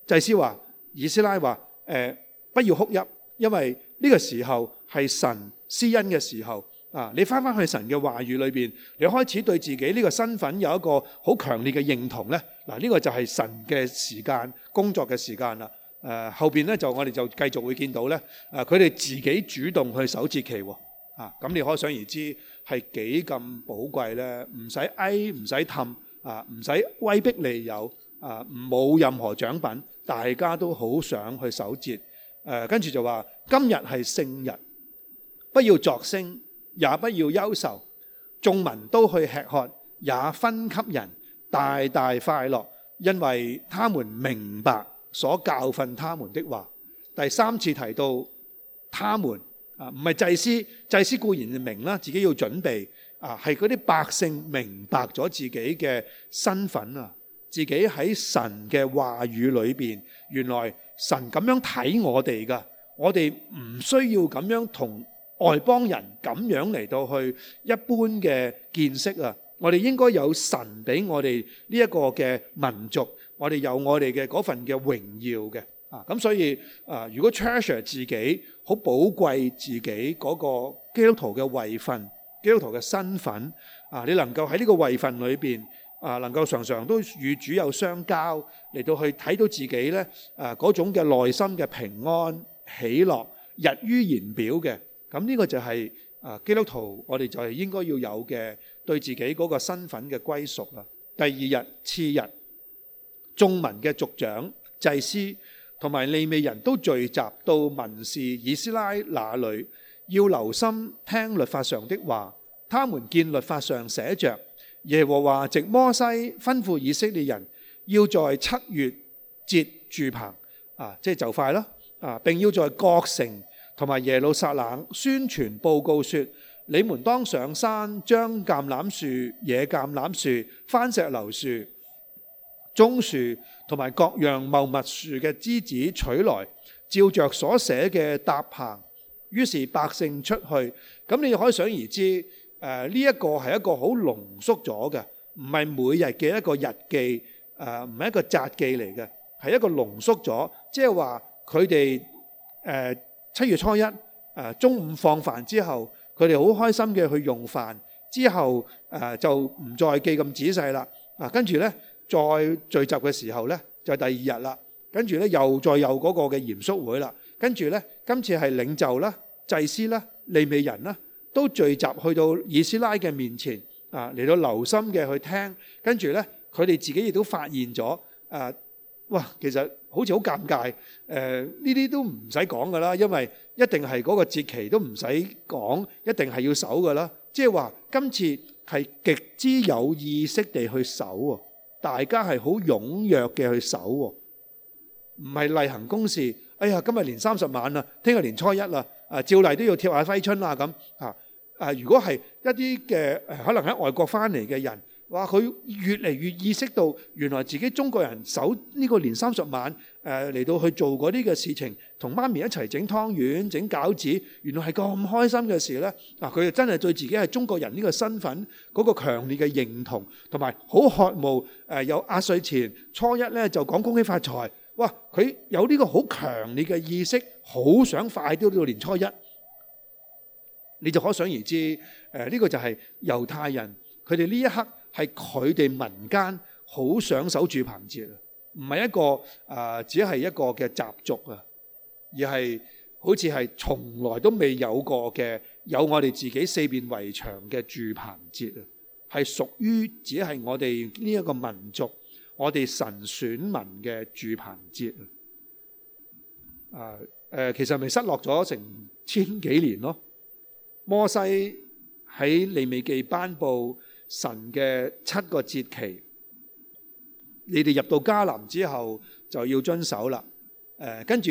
祭司話，以斯拉話，誒，不要哭泣，因為呢個時候係神施恩嘅時候。啊！你翻翻去神嘅話語裏邊，你開始對自己呢個身份有一個好強烈嘅認同呢，嗱，呢個就係神嘅時間，工作嘅時間啦。誒，後邊咧就我哋就繼續會見到呢，誒，佢哋自己主動去守節期，啊！咁你可想而知係幾咁寶貴呢，唔使挨，唔使氹，啊，唔使威逼利誘，啊，冇任何獎品，大家都好想去守節。誒，跟住就話今日係聖日，不要作聲。也不要憂愁，眾民都去吃喝，也分給人，大大快樂，因為他們明白所教訓他們的話。第三次提到他們啊，唔係祭司，祭司固然明啦，自己要準備啊，係嗰啲百姓明白咗自己嘅身份啊，自己喺神嘅話語裏邊，原來神咁樣睇我哋噶，我哋唔需要咁樣同，外邦人咁樣嚟到去一般嘅見識啊！我哋應該有神俾我哋呢一個嘅民族，我哋有我哋嘅嗰份嘅榮耀嘅啊。咁所以啊，如果 treasure 自己好寶貴，自己嗰個基督徒嘅位份、基督徒嘅身份啊，你能夠喺呢個位份裏邊啊，能夠常常都與主有相交嚟到去睇到自己呢啊嗰種嘅內心嘅平安喜樂，溢於言表嘅。咁呢個就係啊，基督徒我哋就係應該要有嘅對自己嗰個身份嘅歸屬啦。第二日、次日，眾民嘅族長、祭司同埋利未人都聚集到文士以斯拉那裏，要留心聽律法上的話。他們見律法上寫著耶和華藉摩西吩咐以色列人要在七月節住棚，啊，即係就快啦，啊，並要在各城。同埋耶路撒冷宣傳報告說：你們當上山，將橄欖樹、野橄欖樹、番石榴樹、棕樹同埋各樣茂密樹嘅枝子取來，照着所寫嘅搭棚。於是百姓出去，咁你可以想而知。誒、呃、呢、這個、一個係一個好濃縮咗嘅，唔係每日嘅一個日記，誒唔係一個雜記嚟嘅，係一個濃縮咗，即係話佢哋誒。呃七月初一，誒中午放飯之後，佢哋好開心嘅去用飯，之後誒、呃、就唔再記咁仔細啦。啊，跟住呢，再聚集嘅時候呢，就第二日啦。跟住呢，又再有嗰個嘅嚴肅會啦。跟住呢，今次係領袖啦、祭司啦、利未人啦，都聚集去到以斯拉嘅面前，啊嚟到留心嘅去聽。跟住呢，佢哋自己亦都發現咗誒。啊哇，其實好似好尷尬誒！呢啲都唔使講㗎啦，因為一定係嗰個節期都唔使講，一定係要守㗎啦。即係話今次係極之有意識地去守喎，大家係好踴躍嘅去守喎，唔係例行公事。哎呀，今日年三十晚啦，聽日年初一啦，啊，照例都要貼下揮春啦咁啊。啊，如果係一啲嘅誒，可能喺外國返嚟嘅人。話佢越嚟越意識到，原來自己中國人守呢個年三十晚，誒、呃、嚟到去做嗰啲嘅事情，同媽咪一齊整湯圓、整餃子，原來係咁開心嘅事呢。嗱、啊，佢就真係對自己係中國人呢個身份嗰、那個強烈嘅認同，同埋好渴望誒，有、呃、壓歲錢，初一呢就講恭喜發財。哇！佢有呢個好強烈嘅意識，好想快啲到年初一。你就可想而知，誒、呃、呢、這個就係猶太人，佢哋呢一刻。係佢哋民間好想守住棚節，唔係一個誒、呃，只係一個嘅習俗啊，而係好似係從來都未有過嘅，有我哋自己四邊圍牆嘅住棚節啊，係屬於只係我哋呢一個民族，我哋神選民嘅住棚節啊，誒、呃呃、其實咪失落咗成千幾年咯，摩西喺利未記頒布。神嘅七個節期，你哋入到迦南之後就要遵守啦。誒，跟住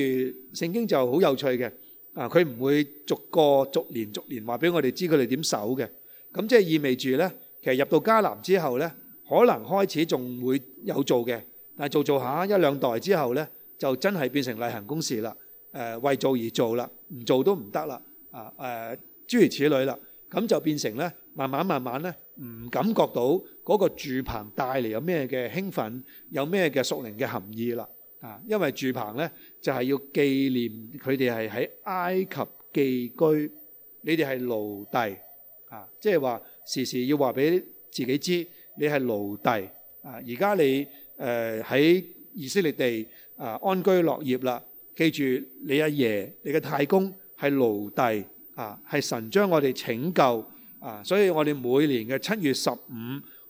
聖經就好有趣嘅。啊，佢唔會逐個逐年逐年話俾我哋知佢哋點守嘅。咁即係意味住咧，其實入到迦南之後咧，可能開始仲會有做嘅，但係做做下一兩代之後咧，就真係變成例行公事啦。誒，為做而做啦，唔做都唔得啦。啊誒，諸如此類啦。咁就變成咧，慢慢慢慢咧。唔感覺到嗰個住棚帶嚟有咩嘅興奮，有咩嘅屬靈嘅含義啦？啊，因為住棚呢，就係要紀念佢哋係喺埃及寄居，你哋係奴隸，啊，即係話時時要話俾自己知，你係奴隸。啊，而家你誒喺以色列地啊安居樂業啦，記住你阿爺、你嘅太公係奴隸，啊，係神將我哋拯救。啊，所以我哋每年嘅七月十五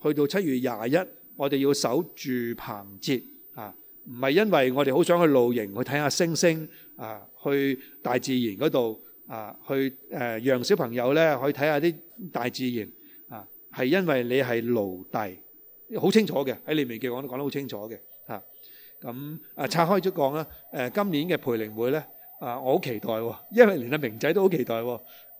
去到七月廿一，我哋要守住棚節啊，唔係因為我哋好想去露營去睇下星星啊，去大自然嗰度啊，去誒讓小朋友咧去睇下啲大自然啊，係因為你係奴隸，好清楚嘅喺利未記我都講得好清楚嘅吓，咁啊拆開咗講啦，誒今年嘅培靈會咧啊，我好期待，因為連阿明仔都好期待。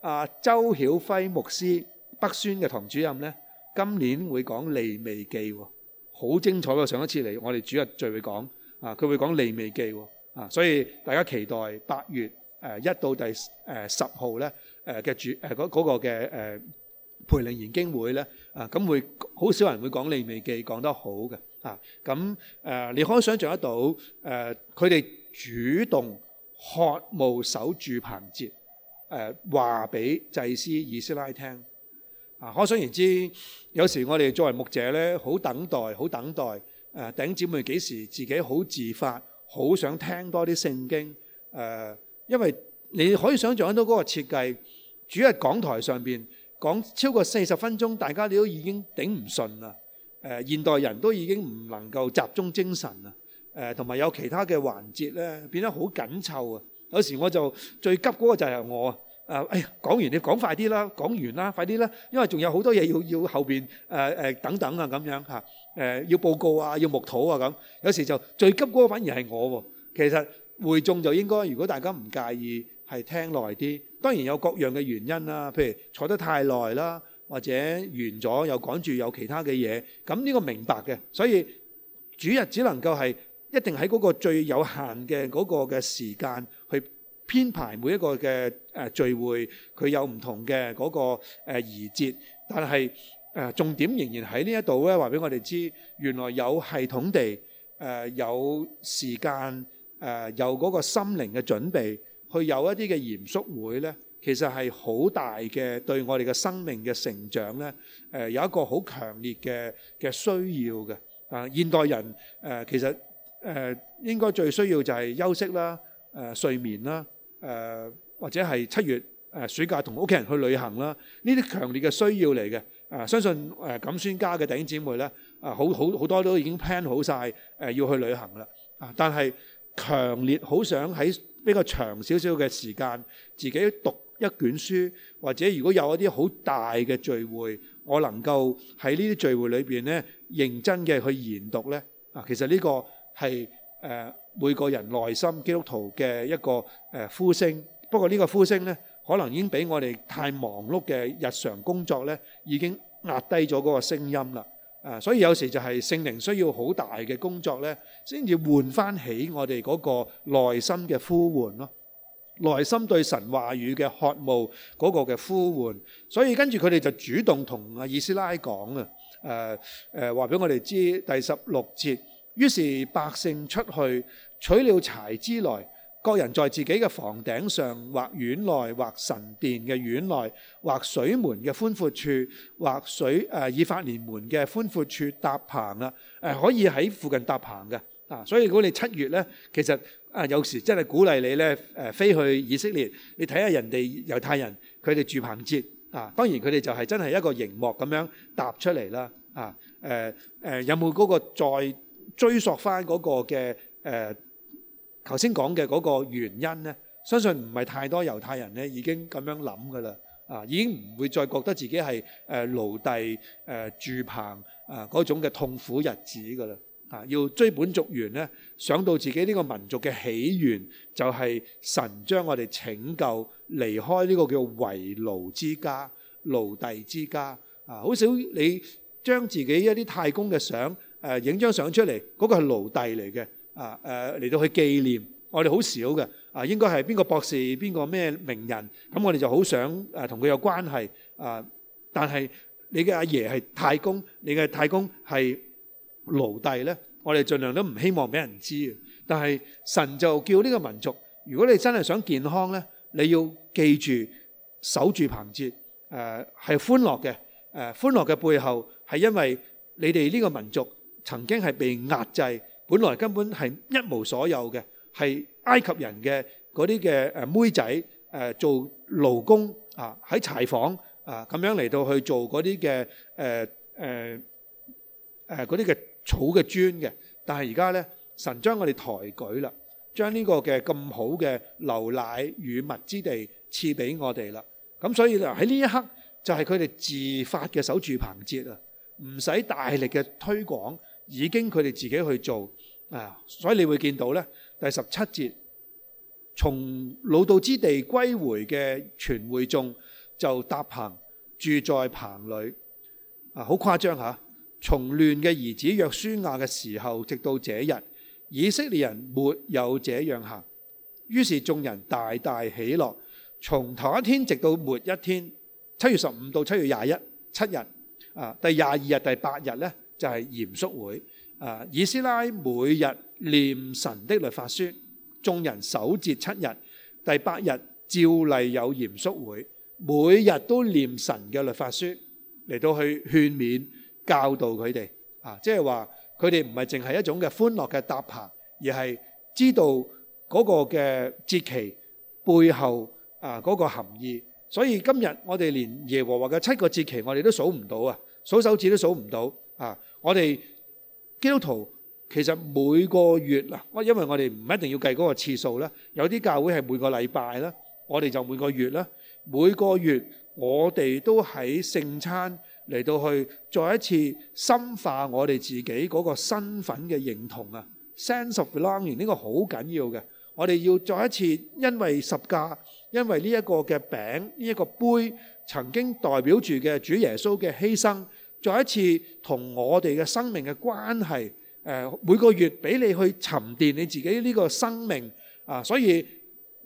啊，周曉輝牧師北宣嘅堂主任咧，今年會講利未記喎，好精彩喎！上一次嚟我哋主日聚會講啊，佢會講利未記喎啊，所以大家期待八月誒一到第誒十號咧誒嘅主誒嗰嗰個嘅誒培靈研經會咧啊，咁會好少人會講利未記講得好嘅啊，咁誒你可以想象得到誒佢哋主動渴慕守住棚節。誒話俾祭司以斯拉聽啊！可想而知，有時我哋作為牧者呢，好等待，好等待。誒、啊，弟兄姊妹幾時自己好自發，好想聽多啲聖經？誒、啊，因為你可以想象到嗰個設計，主喺講台上面講超過四十分鐘，大家你都已經頂唔順啦。誒、啊，現代人都已經唔能夠集中精神啦。同、啊、埋有其他嘅環節呢，變得好緊湊啊！有時我就最急嗰個就係我啊！誒、哎，講完你講快啲啦，講完啦，快啲啦，因為仲有好多嘢要要後邊誒誒等等啊，咁樣嚇，誒、呃，要報告啊，要木土啊咁。有時就最急嗰個反而係我喎。其實會眾就應該，如果大家唔介意，係聽耐啲。當然有各樣嘅原因啦，譬如坐得太耐啦，或者完咗又趕住有其他嘅嘢。咁呢個明白嘅，所以主日只能夠係一定喺嗰個最有限嘅嗰個嘅時間。編排每一個嘅誒聚會，佢有唔同嘅嗰個誒儀節，但係誒重點仍然喺呢一度咧，話俾我哋知，原來有系統地誒有時間誒有嗰個心靈嘅準備，去有一啲嘅嚴肅會咧，其實係好大嘅對我哋嘅生命嘅成長咧，誒有一個好強烈嘅嘅需要嘅。啊，現代人誒其實誒應該最需要就係休息啦，誒睡眠啦。誒、呃、或者係七月誒、呃、暑假同屋企人去旅行啦，呢啲強烈嘅需要嚟嘅。誒、呃、相信誒咁孫家嘅弟兄姊妹咧，啊、呃、好好好多都已經 plan 好晒誒、呃、要去旅行啦。啊、呃，但係強烈好想喺比較長少少嘅時間，自己讀一卷書，或者如果有一啲好大嘅聚會，我能夠喺呢啲聚會裏面咧，認真嘅去研讀咧。啊、呃，其實呢個係誒。呃每個人內心基督徒嘅一個誒呼聲，不過呢個呼聲呢，可能已經俾我哋太忙碌嘅日常工作呢，已經壓低咗嗰個聲音啦。啊，所以有時就係聖靈需要好大嘅工作呢，先至喚返起我哋嗰個內心嘅呼喚咯，內心對神話語嘅渴慕嗰個嘅呼喚。所以跟住佢哋就主動同啊以斯拉講啊，誒誒，話俾我哋知第十六節。於是百姓出去取了柴枝來，各人在自己嘅房頂上、或院內、或神殿嘅院內、或水門嘅寬闊處、或水誒、啊、以法蓮門嘅寬闊處搭棚啦。誒、啊、可以喺附近搭棚嘅啊。所以如果你七月呢，其實啊有時真係鼓勵你呢，誒、啊、飛去以色列，你睇下人哋猶太人佢哋住棚節啊。當然佢哋就係真係一個營幕咁樣搭出嚟啦。啊誒誒、啊啊、有冇嗰個再？追溯翻嗰個嘅誒頭先講嘅嗰個原因呢，相信唔係太多猶太人呢已經咁樣諗噶啦，啊已經唔會再覺得自己係誒、呃、奴隸、呃、住棚啊嗰種嘅痛苦日子噶啦，啊要追本逐源呢想到自己呢個民族嘅起源就係、是、神將我哋拯救離開呢個叫為奴之家、奴隸之家啊，好少你將自己一啲太公嘅相。誒影張相出嚟，嗰個係奴隸嚟嘅，啊誒嚟到去紀念，我哋好少嘅，啊應該係邊個博士，邊個咩名人，咁我哋就好想誒同佢有關係，啊，但係你嘅阿爺係太公，你嘅太公係奴隸咧，我哋儘量都唔希望俾人知，但係神就叫呢個民族，如果你真係想健康咧，你要記住守住棚節，誒係歡樂嘅，誒歡樂嘅背後係因為你哋呢個民族。曾經係被壓制，本來根本係一無所有嘅，係埃及人嘅嗰啲嘅誒妹仔誒做勞工啊，喺柴房啊咁樣嚟到去做嗰啲嘅誒誒誒嗰啲嘅草嘅磚嘅。但係而家咧，神將我哋抬舉啦，將呢個嘅咁好嘅流奶與蜜之地賜俾我哋啦。咁所以咧喺呢一刻就係佢哋自發嘅守住棚節啊，唔使大力嘅推廣。已經佢哋自己去做啊，所以你會見到咧，第十七節，從擄到之地歸回嘅全會眾就搭棚住在棚裏啊，好誇張嚇！從嫩嘅兒子約書亞嘅時候，直到這日，以色列人沒有這樣行，於是眾人大大喜樂，從頭一天直到末一天，七月十五到七月廿一，七日啊，第廿二日、第八日咧。就係嚴肅會啊！以斯拉每日念神的律法書，眾人守節七日。第八日照例有嚴肅會，每日都念神嘅律法書嚟到去勸勉、教導佢哋啊！即係話佢哋唔係淨係一種嘅歡樂嘅搭棚，而係知道嗰個嘅節期背後啊，嗰個含義。所以今日我哋連耶和華嘅七個節期，我哋都數唔到啊！數手指都數唔到。啊！我哋基督徒其實每個月，因為我哋唔一定要計嗰個次數啦，有啲教會係每個禮拜啦，我哋就每個月啦。每個月我哋都喺聖餐嚟到去再一次深化我哋自己嗰個身份嘅認同啊，sense of belonging 呢個好緊要嘅。我哋要再一次，因為十架，因為呢一個嘅餅，呢一個杯，曾經代表住嘅主耶穌嘅犧牲。再一次同我哋嘅生命嘅關係，誒，每個月俾你去沉澱你自己呢個生命啊，所以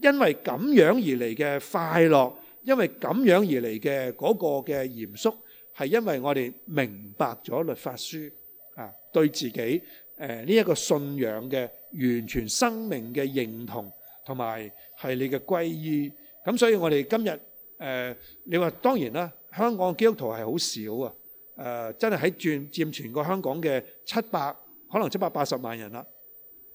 因為咁樣而嚟嘅快樂，因為咁樣而嚟嘅嗰個嘅嚴肅，係因為我哋明白咗律法書啊，對自己誒呢一個信仰嘅完全生命嘅認同，同埋係你嘅皈依。咁所以我哋今日誒，你話當然啦，香港基督徒係好少啊。誒真係喺佔佔全個香港嘅七百，可能七百八十萬人啦。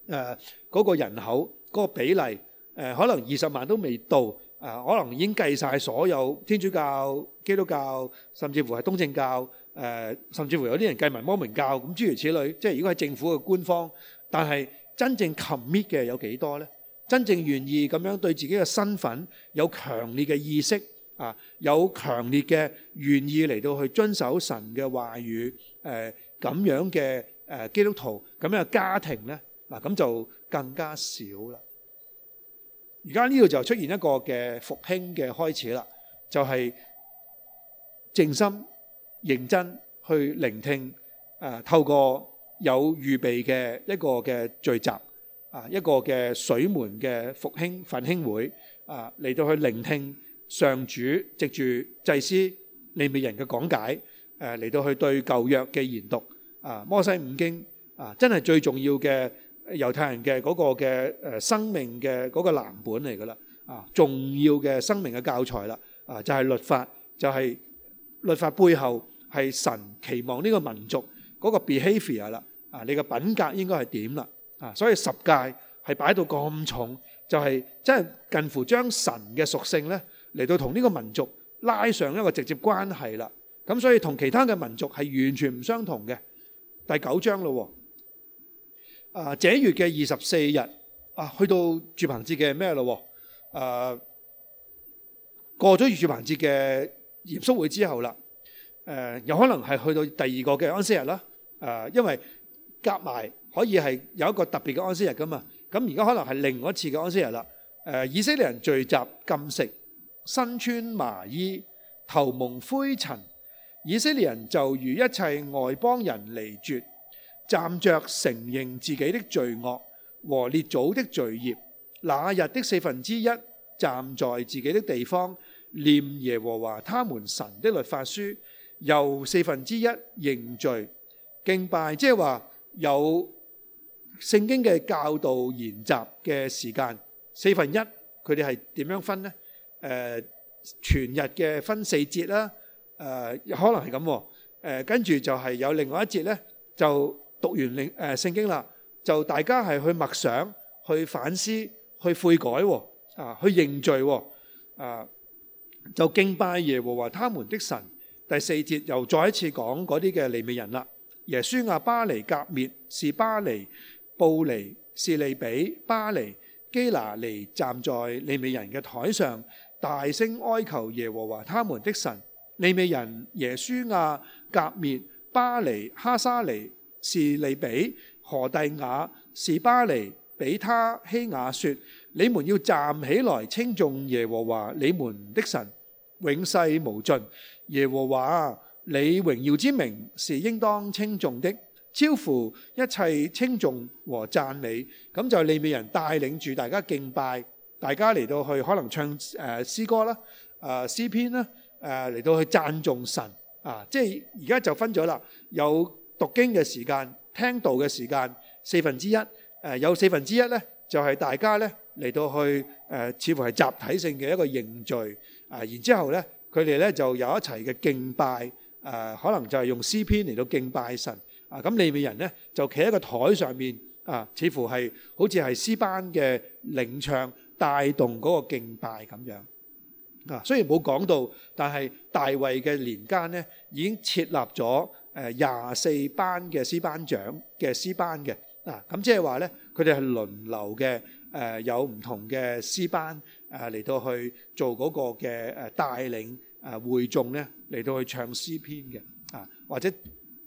誒嗰個人口嗰個比例，誒可能二十萬都未到。誒可能已經計晒所有天主教、基督教，甚至乎係東正教。誒甚至乎有啲人計埋摩門教。咁諸如此類，即係如果係政府嘅官方，但係真正 commit 嘅有幾多呢？真正願意咁樣對自己嘅身份有強烈嘅意識。啊！有強烈嘅願意嚟到去遵守神嘅話語，誒、呃、咁樣嘅誒、呃、基督徒咁樣嘅家庭呢，嗱、啊、咁就更加少啦。而家呢度就出現一個嘅復興嘅開始啦，就係、是、靜心、認真去聆聽，誒、啊、透過有預備嘅一個嘅聚集，啊一個嘅水門嘅復興奮興會，啊嚟到去聆聽。上主藉住祭司利未人嘅講解，誒嚟到去對舊約嘅研讀，啊摩西五經，啊真係最重要嘅猶太人嘅嗰個嘅誒生命嘅嗰個藍本嚟㗎啦，啊重要嘅生命嘅教材啦，啊就係律法，就係律法背後係神期望呢個民族嗰個 behaviour 啦，啊你嘅品格應該係點啦，啊所以十戒係擺到咁重，就係真係近乎將神嘅屬性咧。嚟到同呢個民族拉上一個直接關係啦，咁所以同其他嘅民族係完全唔相同嘅。第九章咯，啊，這月嘅二十四日啊，去到住棚節嘅咩咯，啊，過咗住棚節嘅嚴肅會之後啦，誒、啊，有可能係去到第二個嘅安息日啦，啊，因為夾埋可以係有一個特別嘅安息日噶嘛，咁而家可能係另外一次嘅安息日啦，誒、啊，以色列人聚集禁食。身穿麻衣，頭蒙灰塵，以色列人就與一切外邦人離絕，站着承認自己的罪惡和列祖的罪孽。那日的四分之一站在自己的地方念耶和華他們神的律法書，又四分之一認罪敬拜，即係話有聖經嘅教導研習嘅時間。四分一佢哋係點樣分呢？誒、呃、全日嘅分四節啦，呃，可能係咁，啊，誒跟住就係有另外一節咧，就讀完令誒聖經啦，就大家係去默想、去反思、去悔改啊，啊，去認罪啊，啊，就敬拜耶和華他們的神。第四節又再一次講嗰啲嘅利未人啦，耶書亞、啊、巴尼甲篾示巴尼布尼示利比，巴尼基拿尼站在利未人嘅台上。大聲哀求耶和華他們的神，利未人耶書亞、革滅、巴尼、哈沙尼、是利比、荷第雅、是巴尼、比他希雅說：你們要站起來稱頌耶和華你們的神，永世無盡。耶和華你榮耀之名是應當稱頌的，超乎一切稱頌和讚美。咁就利未人帶領住大家敬拜。大家嚟到去可能唱誒詩歌啦，誒詩篇啦，誒嚟到去讚頌神啊！即係而家就分咗啦，有讀經嘅時間、聽道嘅時間，四分之一誒有四分之一咧，就係大家咧嚟到去誒似乎係集體性嘅一個凝聚啊！然之後咧，佢哋咧就有一齊嘅敬拜誒，可能就係用詩篇嚟到敬拜神啊！咁利未人咧就企喺個台上面啊，似乎係好似係詩班嘅領唱。帶動嗰個敬拜咁樣啊，雖然冇講到，但係大衛嘅年間咧，已經設立咗誒廿四班嘅師班長嘅師班嘅啊，咁即係話咧，佢哋係輪流嘅誒，有唔同嘅師班啊，嚟到去做嗰個嘅誒帶領啊，會眾咧嚟到去唱詩篇嘅啊，或者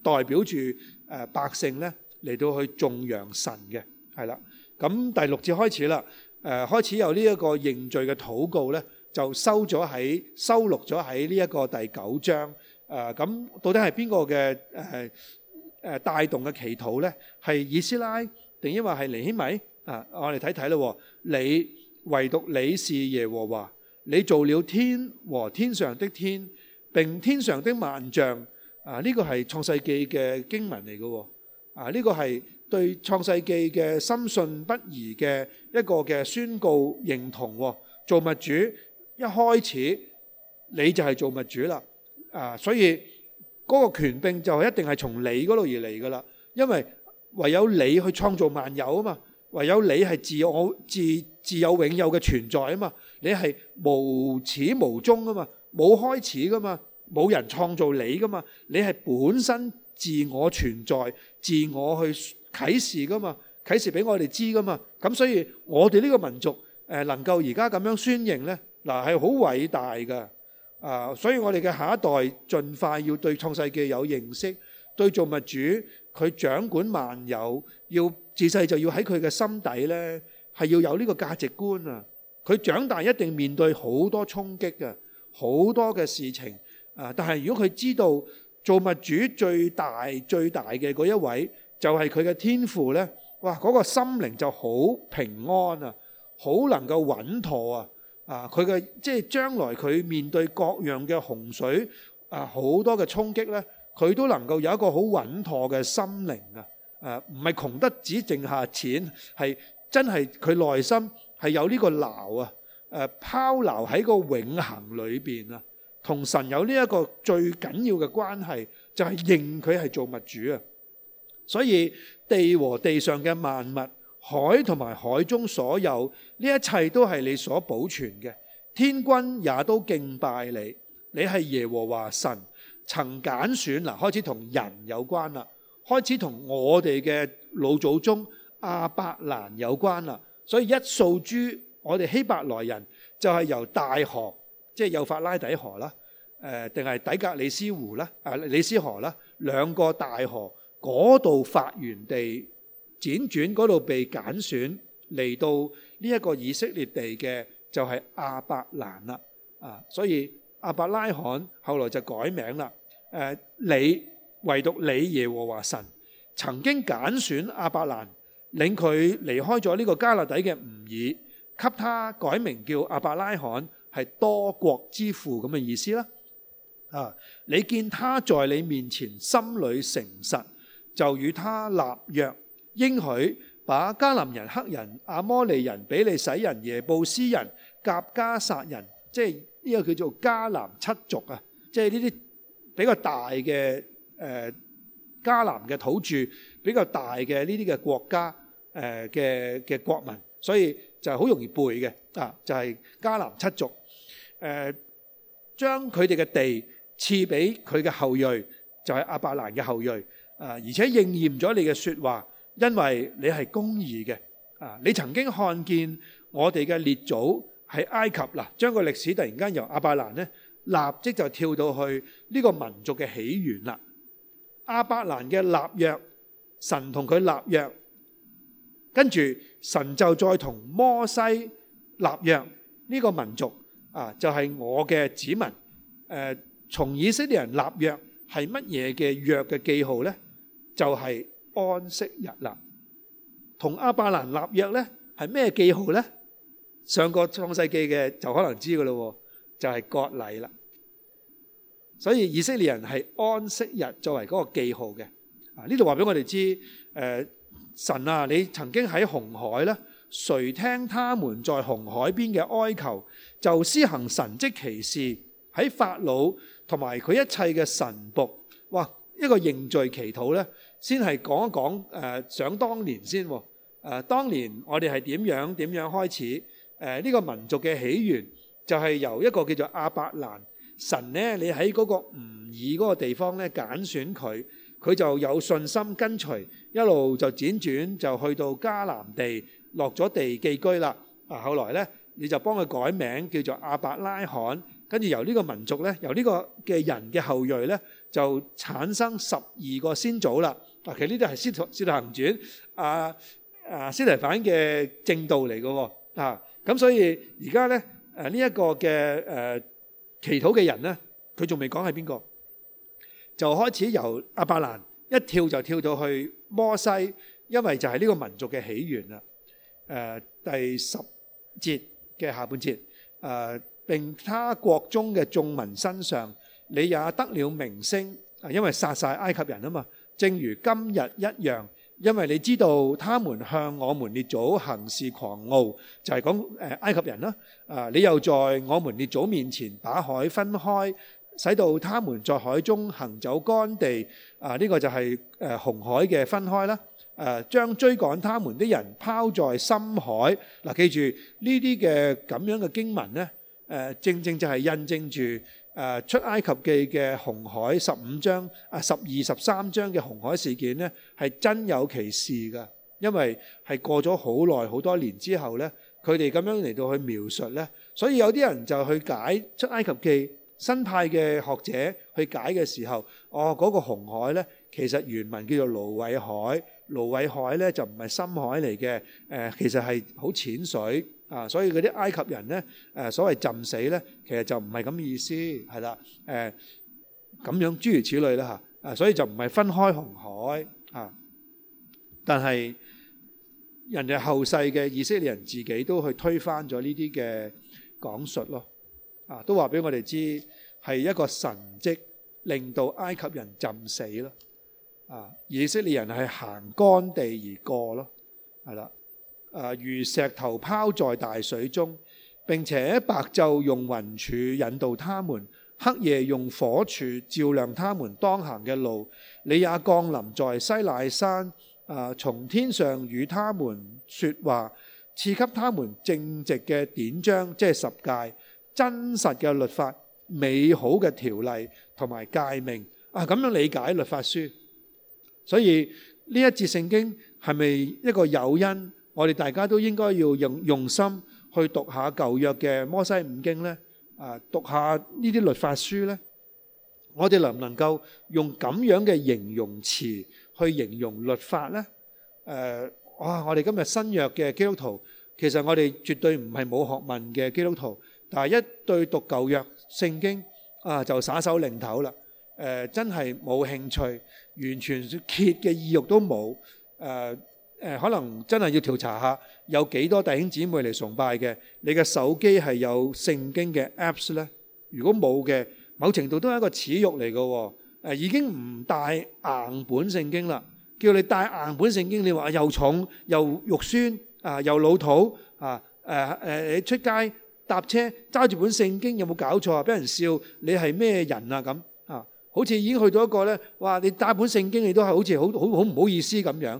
代表住誒百姓咧嚟到去頌揚神嘅係啦，咁第六節開始啦。誒開始有呢一個認罪嘅禱告咧，就收咗喺收錄咗喺呢一個第九章。誒咁到底係邊個嘅誒誒帶動嘅祈禱咧？係以斯拉定抑或係尼希米？啊，我哋睇睇咯。你，唯獨你是耶和華，你做了天和天上的天，並天上的萬象。啊，呢個係創世記嘅經文嚟嘅。啊，呢個係。對創世記嘅深信不疑嘅一個嘅宣告認同喎，造物主一開始你就係造物主啦，啊，所以嗰個權柄就一定係從你嗰度而嚟噶啦，因為唯有你去創造萬有啊嘛，唯有你係自我自自有永有嘅存在啊嘛，你係無始無終啊嘛，冇開始噶嘛，冇人創造你噶嘛，你係本身自我存在，自我去。啟示噶嘛？啟示俾我哋知噶嘛？咁所以我哋呢個民族誒能夠而家咁樣宣言呢，嗱係好偉大㗎啊！所以我哋嘅下一代盡快要對創世記有認識，對造物主佢掌管萬有，要自細就要喺佢嘅心底呢，係要有呢個價值觀啊！佢長大一定面對好多衝擊啊，好多嘅事情啊！但係如果佢知道造物主最大最大嘅嗰一位，就係佢嘅天賦咧，哇！嗰個心靈就好平安啊，好能夠穩妥啊。啊，佢嘅即係將來佢面對各樣嘅洪水啊，好多嘅衝擊咧，佢都能夠有一個好穩妥嘅心靈啊。誒，唔係窮得只剩下錢，係真係佢內心係有呢個錨啊。誒，拋錨喺個永恆裏邊啊，同神有呢一個最緊要嘅關係，就係認佢係造物主啊。所以地和地上嘅萬物、海同埋海中所有呢一切，都係你所保存嘅。天君也都敬拜你，你係耶和華神。曾揀選啦，開始同人有關啦，開始同我哋嘅老祖宗亞伯蘭有關啦。所以一掃諸我哋希伯來人就係由大河，即係幼發拉底河啦，誒定係底格里斯湖啦，啊、呃，里斯河啦，兩個大河。嗰度發源地，輾轉嗰度被揀選嚟到呢一個以色列地嘅就係亞伯蘭啦，啊，所以亞伯拉罕後來就改名啦。誒，你唯獨你耶和華神曾經揀選亞伯蘭，領佢離開咗呢個加勒底嘅吾珥，給他改名叫亞伯拉罕，係多國之父咁嘅意思啦。啊，你見他在你面前心裏誠實。就與他立約，應許把迦南人、赫人、亞摩利人、比利洗人、耶布斯人、革迦撒人，即係呢個叫做迦南七族啊！即係呢啲比較大嘅誒迦南嘅土著，比較大嘅呢啲嘅國家誒嘅嘅國民，所以就係好容易背嘅啊！就係迦南七族誒，將佢哋嘅地賜俾佢嘅後裔，就係亞伯蘭嘅後裔。啊！而且應驗咗你嘅說話，因為你係公義嘅啊！你曾經看見我哋嘅列祖喺埃及嗱，將個歷史突然間由阿伯蘭咧立即就跳到去呢個民族嘅起源啦。阿伯蘭嘅立約，神同佢立約，跟住神就再同摩西立約。呢個民族啊，就係我嘅子民。誒，從以色列人立約係乜嘢嘅約嘅記號呢？就係安息日啦，同亞伯蘭立約呢係咩記號呢？上個創世紀嘅就可能知噶咯，就係、是、割禮啦。所以以色列人係安息日作為嗰個記號嘅。啊，呢度話俾我哋知、呃，神啊，你曾經喺紅海呢，誰聽他們在紅海邊嘅哀求，就施行神蹟奇事喺法老同埋佢一切嘅臣僕。哇！一個認罪祈禱呢。先係講一講誒，想當年先喎。誒，當年我哋係點樣點樣開始？誒，呢個民族嘅起源就係由一個叫做亞伯蘭。神咧，你喺嗰個吾珥嗰個地方咧，揀選佢，佢就有信心跟隨，一路就輾轉就去到迦南地落咗地寄居啦。啊，後來咧，你就幫佢改名叫做亞伯拉罕，跟住由呢個民族咧，由呢個嘅人嘅後裔咧，就產生十二個先祖啦。嗱，其實呢啲係《使徒使徒行傳》啊，啊，司提反嘅正道嚟嘅喎，嚇，咁所以而家咧，誒呢一個嘅誒祈禱嘅人咧，佢仲未講係邊個，就開始由亞伯蘭一跳就跳到去摩西，因為就係呢個民族嘅起源啦。誒，第十節嘅下半節誒，並他國中嘅眾民身上，你也得了名聲，因為殺曬埃及人啊嘛。正如今日一樣，因為你知道他們向我們列祖行事狂傲，就係講埃及人啦，你又在我們列祖面前把海分開，使到他們在海中行走乾地，呢個就係紅海嘅分開啦，將追趕他們的人拋在深海，記住，呢啲嘅咁樣嘅經文呢正正就係印證住誒出埃及記嘅紅海十五章啊，十二十三章嘅紅海事件呢，係真有其事嘅，因為係過咗好耐好多年之後呢，佢哋咁樣嚟到去描述呢。所以有啲人就去解出埃及記，新派嘅學者去解嘅時候，哦，嗰個紅海呢，其實原文叫做蘆葦海，蘆葦海呢，就唔係深海嚟嘅，呃，其實係好淺水。啊，所以嗰啲埃及人呢，誒所謂浸死呢，其實就唔係咁嘅意思，係啦，誒咁樣諸如此類啦嚇，啊所以就唔係分開紅海啊，但係人哋後世嘅以色列人自己都去推翻咗呢啲嘅講述咯，啊都話俾我哋知係一個神蹟，令到埃及人浸死咯，啊以色列人係行乾地而過咯，係啦。如石頭拋在大水中，並且白晝用雲柱引導他們，黑夜用火柱照亮他們當行嘅路。你也降臨在西奈山，從天上與他們說話，賜給他們正直嘅典章，即係十誡、真實嘅律法、美好嘅條例同埋誡命。啊！咁樣理解律法書，所以呢一節聖經係咪一個誘因？我哋大家都應該要用用心去讀下舊約嘅摩西五經咧，啊讀下呢啲律法書咧，我哋能唔能夠用咁樣嘅形容詞去形容律法咧？誒，哇！我哋今日新約嘅基督徒，其實我哋絕對唔係冇學問嘅基督徒，但係一對讀舊約聖經啊，就耍手擰頭啦。誒，真係冇興趣，完全揭嘅意欲都冇。誒。誒，可能真係要調查下有幾多弟兄姊妹嚟崇拜嘅，你嘅手機係有聖經嘅 Apps 呢？如果冇嘅，某程度都係一個恥辱嚟嘅喎。誒，已經唔帶硬本聖經啦，叫你帶硬本聖經，你話又重又肉酸啊，又老土啊。誒誒，你出街搭車揸住本聖經有冇搞錯啊？俾人笑你係咩人啊？咁啊，好似已經去到一個呢。哇！你帶本聖經你都係好似好好好唔好意思咁樣。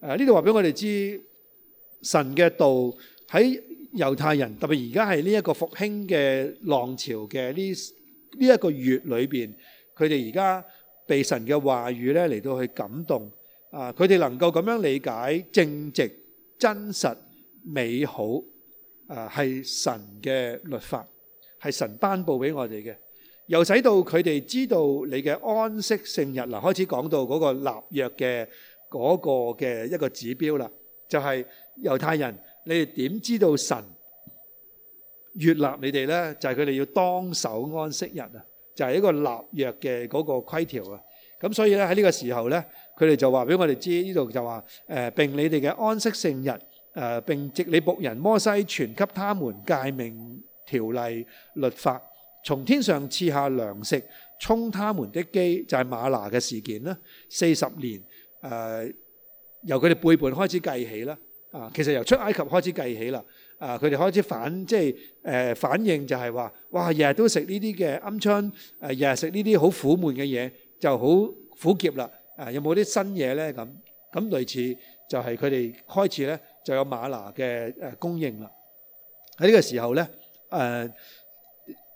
誒呢度話俾我哋知，神嘅道喺猶太人，特別而家係呢一個復興嘅浪潮嘅呢呢一個月裏面。佢哋而家被神嘅話語咧嚟到去感動啊！佢哋能夠咁樣理解正直、真實、美好啊，係神嘅律法，係神頒布俾我哋嘅，又使到佢哋知道你嘅安息聖日嗱、啊，開始講到嗰個立約嘅。嗰個嘅一個指標啦，就係猶太人，你哋點知道神悅納你哋咧？就係佢哋要當守安息日啊！就係一個立約嘅嗰個規條啊！咁所以咧喺呢個時候咧，佢哋就話俾我哋知，呢度就話誒，並你哋嘅安息聖日誒，並藉你僕人摩西傳給他們誡命條例律法，從天上賜下糧食充他們的飢，就係馬拿嘅事件啦，四十年。誒、呃、由佢哋背叛開始計起啦，啊、呃、其實由出埃及開始計起啦，啊佢哋開始反，即係誒、呃、反應就係話，哇日日都食呢啲嘅暗槍，誒日日食呢啲好苦悶嘅嘢，就好苦澀啦，啊、呃、有冇啲新嘢咧咁？咁類似就係佢哋開始咧就有馬拿嘅誒供應啦。喺呢個時候咧，誒、呃、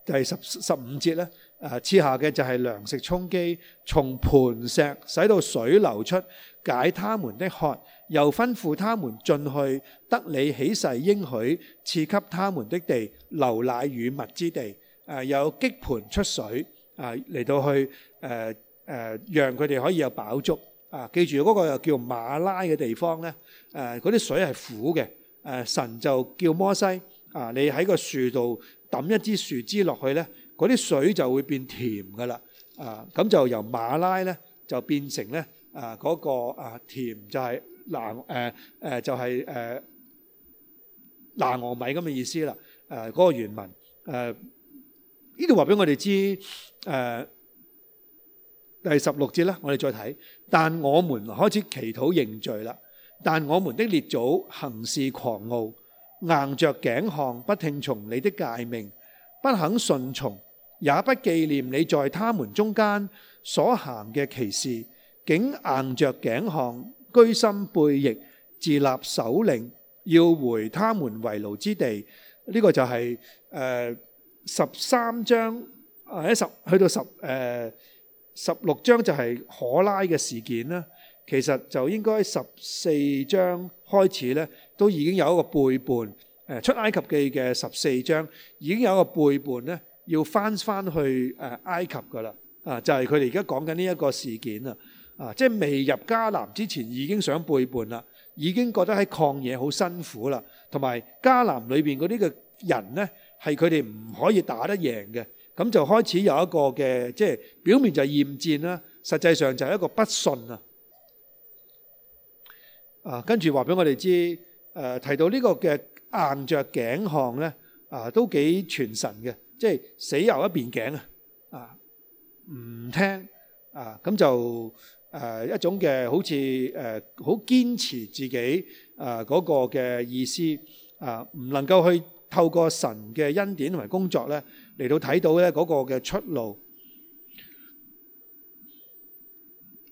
第、就是、十十五節咧。誒，次下嘅就係糧食充饑，從盤石使到水流出，解他們的渴，又吩咐他們進去，得你起誓應許賜給他們的地，流奶與蜜之地。誒，有擊盤出水，誒嚟到去，誒誒，讓佢哋可以有飽足。啊，記住嗰個又叫馬拉嘅地方呢，誒，嗰啲水係苦嘅。誒，神就叫摩西，啊，你喺個樹度揼一支樹枝落去呢。嗰啲水就會變甜噶啦，啊咁就由馬拉咧，就變成咧，啊嗰個，啊甜就係，嗱誒誒就係誒拿俄米咁嘅意思啦，誒嗰個原文誒呢度話俾我哋知，誒第十六節啦，我哋再睇，但我們開始祈禱認罪啦，但我們的列祖行事狂傲，硬著頸項不聽從你的誡命，不肯順從。也不記念你在他們中間所行嘅奇事，竟硬着頸項居心背逆，自立首領，要回他們為奴之地。呢、這個就係誒十三章啊，十、呃、去到十誒十六章就係可拉嘅事件啦。其實就應該十四章開始咧，都已經有一個背叛。誒、呃、出埃及記嘅十四章已經有一個背叛咧。要翻翻去誒埃及㗎啦啊！就係佢哋而家講緊呢一個事件啊啊！即係未入迦南之前已經想背叛啦，已經覺得喺曠野好辛苦啦，同埋迦南裏面嗰啲嘅人呢，係佢哋唔可以打得贏嘅，咁就開始有一個嘅即係表面就係厭戰啦，實際上就係一個不信啊啊！跟住話俾我哋知誒，提到個呢個嘅硬著頸項呢，啊，都幾傳神嘅。即係死牛一邊頸啊！啊，唔聽啊，咁就誒一種嘅好似誒好堅持自己啊嗰個嘅意思啊，唔能夠去透過神嘅恩典同埋工作咧嚟到睇到咧嗰個嘅出路。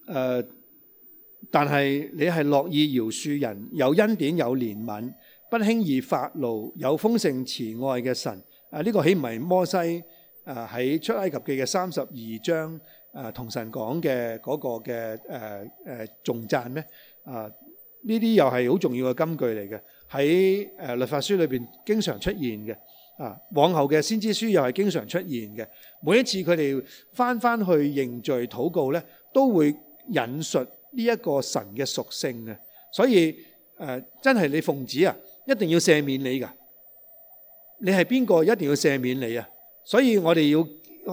誒，但係你係樂意饒恕人，有恩典有憐憫，不輕易發怒，有豐盛慈愛嘅神。啊！呢個豈唔係摩西啊喺出埃及記嘅三十二章啊，同神講嘅嗰個嘅誒誒重贊咩？啊！呢啲又係好重要嘅金句嚟嘅，喺誒律法書裏邊經常出現嘅。啊，往後嘅先知書又係經常出現嘅。每一次佢哋返返去認罪禱告咧，都會引述呢一個神嘅屬性嘅。所以誒，真係你奉旨啊，一定要赦免你噶。你係邊個？一定要赦免你啊！所以我哋要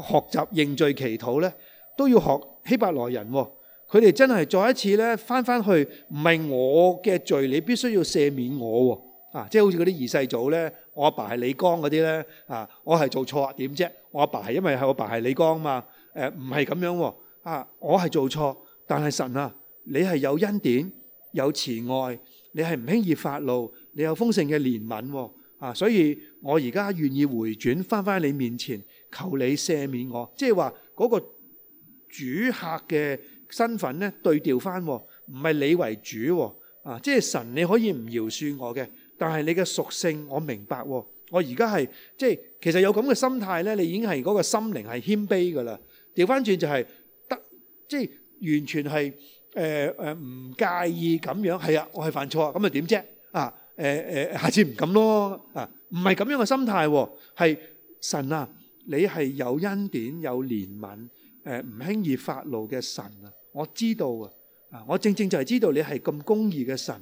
學習認罪祈禱咧，都要學希伯來人喎。佢哋真係再一次咧翻翻去，唔係我嘅罪，你必須要赦免我喎。啊，即係好似嗰啲二世祖咧，我阿爸係李剛嗰啲咧。啊，我係做錯點啫？我阿爸係因為係我阿爸係李剛嘛。誒，唔係咁樣喎。啊，我係做錯，但係神啊，你係有恩典、有慈愛，你係唔輕易發怒，你有豐盛嘅憐憫。啊！所以我而家願意回轉翻翻你面前，求你赦免我。即係話嗰個主客嘅身份咧對調翻，唔、啊、係你為主啊,啊！即係神，你可以唔饒恕我嘅，但係你嘅屬性我明白。啊、我而家係即係其實有咁嘅心態咧，你已經係嗰、嗰個心靈係謙卑噶啦。調翻轉就係、係、得即係完全係誒誒唔介意咁樣。係啊，我係犯錯啊，咁啊點啫啊！誒誒，下次唔敢咯啊！唔係咁樣嘅心態喎，係神啊，你係有恩典、有憐憫誒唔輕易發怒嘅神啊！我知道啊，啊，我正正就係知道你係咁公義嘅神。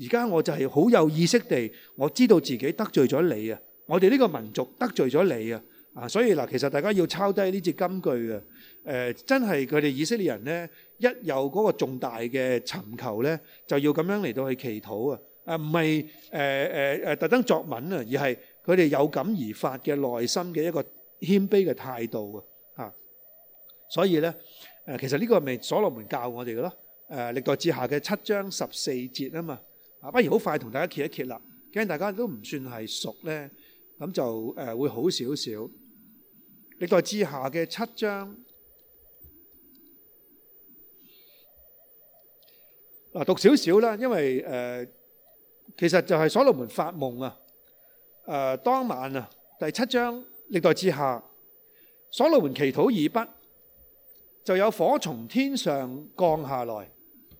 而家我就係好有意識地，我知道自己得罪咗你啊！我哋呢個民族得罪咗你啊！啊，所以嗱，其實大家要抄低呢啲金句啊！誒，真係佢哋以色列人咧，一有嗰個重大嘅尋求咧，就要咁樣嚟到去祈禱啊！啊，唔係誒誒誒，特登作文啊，而係佢哋有感而發嘅內心嘅一個謙卑嘅態度啊，吓，所以咧誒、呃，其實呢個咪所羅門教我哋嘅咯，誒、呃，歷代志下嘅七章十四節啊嘛，啊，不如好快同大家揭一揭啦，既然大家都唔算係熟咧，咁就誒、呃、會好少少。歷代志下嘅七章，嗱、啊、讀少少啦，因為誒。呃其實就係所羅門發夢啊！誒、呃、當晚啊，第七章歷代志下，所羅門祈禱已畢就有火從天上降下來，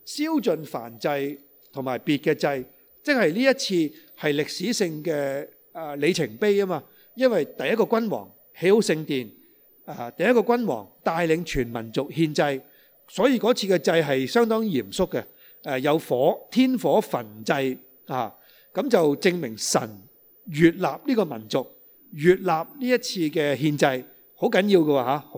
燒盡燔祭同埋別嘅祭，即係呢一次係歷史性嘅誒、呃、里程碑啊嘛！因為第一個君王起好聖殿，誒、呃、第一個君王帶領全民族獻祭，所以嗰次嘅祭係相當嚴肅嘅，誒、呃、有火天火焚祭。啊，咁就證明神越立呢個民族，越立呢一次嘅獻祭，好緊要㗎吓，好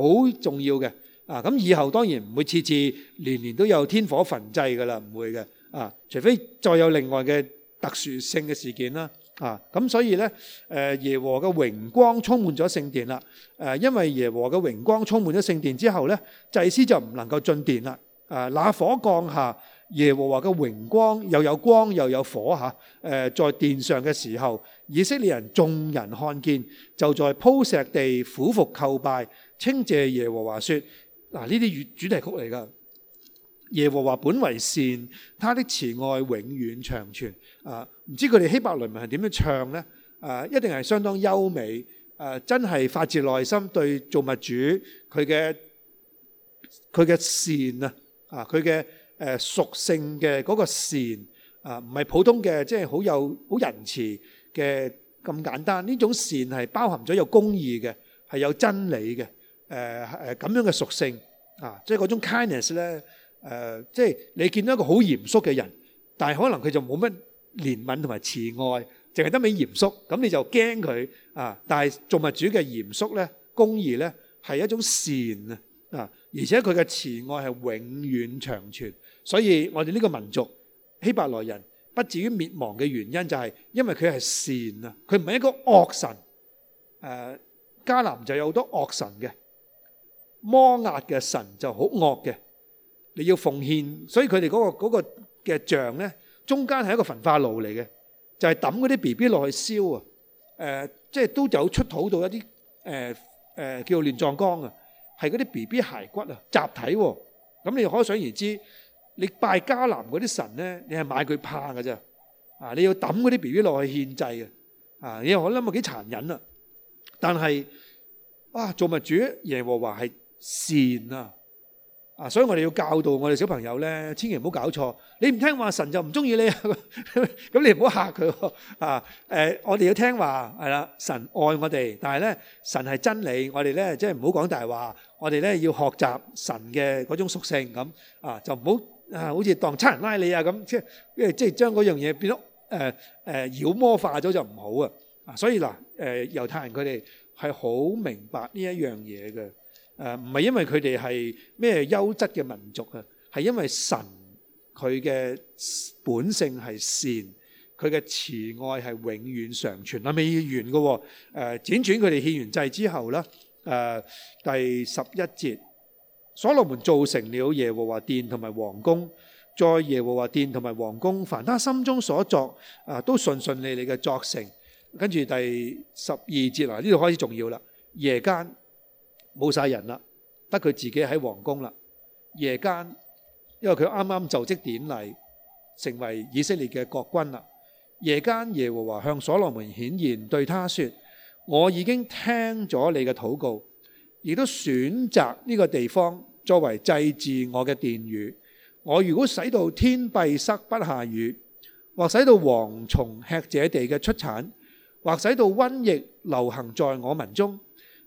重要嘅。啊，咁以後當然唔會次次年年都有天火焚祭㗎啦，唔會嘅。啊，除非再有另外嘅特殊性嘅事件啦。啊，咁所以呢，誒耶和嘅榮光充滿咗聖殿啦。誒，因為耶和嘅榮光充滿咗聖殿之後呢，祭司就唔能夠進殿啦。啊，那火降下。耶和華嘅榮光，又有光又有火吓，誒、呃，在殿上嘅時候，以色列人眾人看見，就在鋪石地俯伏叩拜，稱謝耶和華說：嗱、啊，呢啲主題曲嚟噶。耶和華本為善，他的慈愛永遠長存。啊，唔知佢哋希伯來文係點樣唱呢？啊，一定係相當優美，誒、啊，真係發自內心對造物主佢嘅佢嘅善啊，啊，佢嘅。誒屬、呃、性嘅嗰個善啊，唔、呃、係普通嘅，即係好有好仁慈嘅咁簡單。呢種善係包含咗有公義嘅，係有真理嘅。誒誒咁樣嘅屬性啊，即係嗰種 kindness 咧。誒、呃，即係你見到一個好嚴肅嘅人，但係可能佢就冇乜憐憫同埋慈愛，淨係得啲嚴肅。咁你就驚佢啊？但係造物主嘅嚴肅咧、公義咧，係一種善啊啊！而且佢嘅慈愛係永遠長存。所以我哋呢個民族希伯來人不至於滅亡嘅原因，就係因為佢係善啊，佢唔係一個惡神。誒、呃，迦南就有好多惡神嘅，摩押嘅神就好惡嘅，你要奉獻，所以佢哋嗰個嘅、嗰個、像咧，中間係一個焚化爐嚟嘅，就係抌嗰啲 B B 落去燒啊、呃。即係都有出土到一啲、呃呃、叫亂葬崗啊，係嗰啲 B B 骸骨啊，集體喎。咁你可想而知。你拜迦南嗰啲神咧，你係買佢怕㗎。啫，啊！你要抌嗰啲 B B 落去獻祭嘅，啊！你又我諗啊，幾殘忍啊！但係，啊，造物主耶和華係善啊，啊！所以我哋要教導我哋小朋友咧，千祈唔好搞錯。你唔聽話，神就唔中意你，咁你唔好嚇佢啊！誒，我哋要聽話係啦，神愛我哋，但係咧，神係真理，我哋咧即係唔好講大話，我哋咧要學習神嘅嗰種屬性咁啊，就唔好。啊，好似當差人拉你啊，咁，即係即係將嗰樣嘢變咗誒誒妖魔化咗就唔好啊！所以嗱誒、呃、猶太人佢哋係好明白呢一樣嘢嘅誒，唔、呃、係因為佢哋係咩優質嘅民族啊，係因為神佢嘅本性係善，佢嘅慈愛係永遠常存啊，未完㗎喎誒，呃、輾轉佢哋獻完祭之後咧誒、呃，第十一節。所羅門造成了耶和華殿同埋皇宮，在耶和華殿同埋皇宮，凡他心中所作，啊，都順順利利嘅作成。跟住第十二節啦，呢度開始重要了。夜間冇晒人了，得佢自己喺皇宮了。夜間，因為佢啱啱就職典禮，成為以色列嘅國君了。夜間，耶和華向所羅門顯現對他說：我已經聽咗你嘅禱告。亦都選擇呢個地方作為祭祀我嘅殿宇。我如果使到天閉塞不下雨，或使到蝗蟲吃這地嘅出產，或使到瘟疫流行在我民中，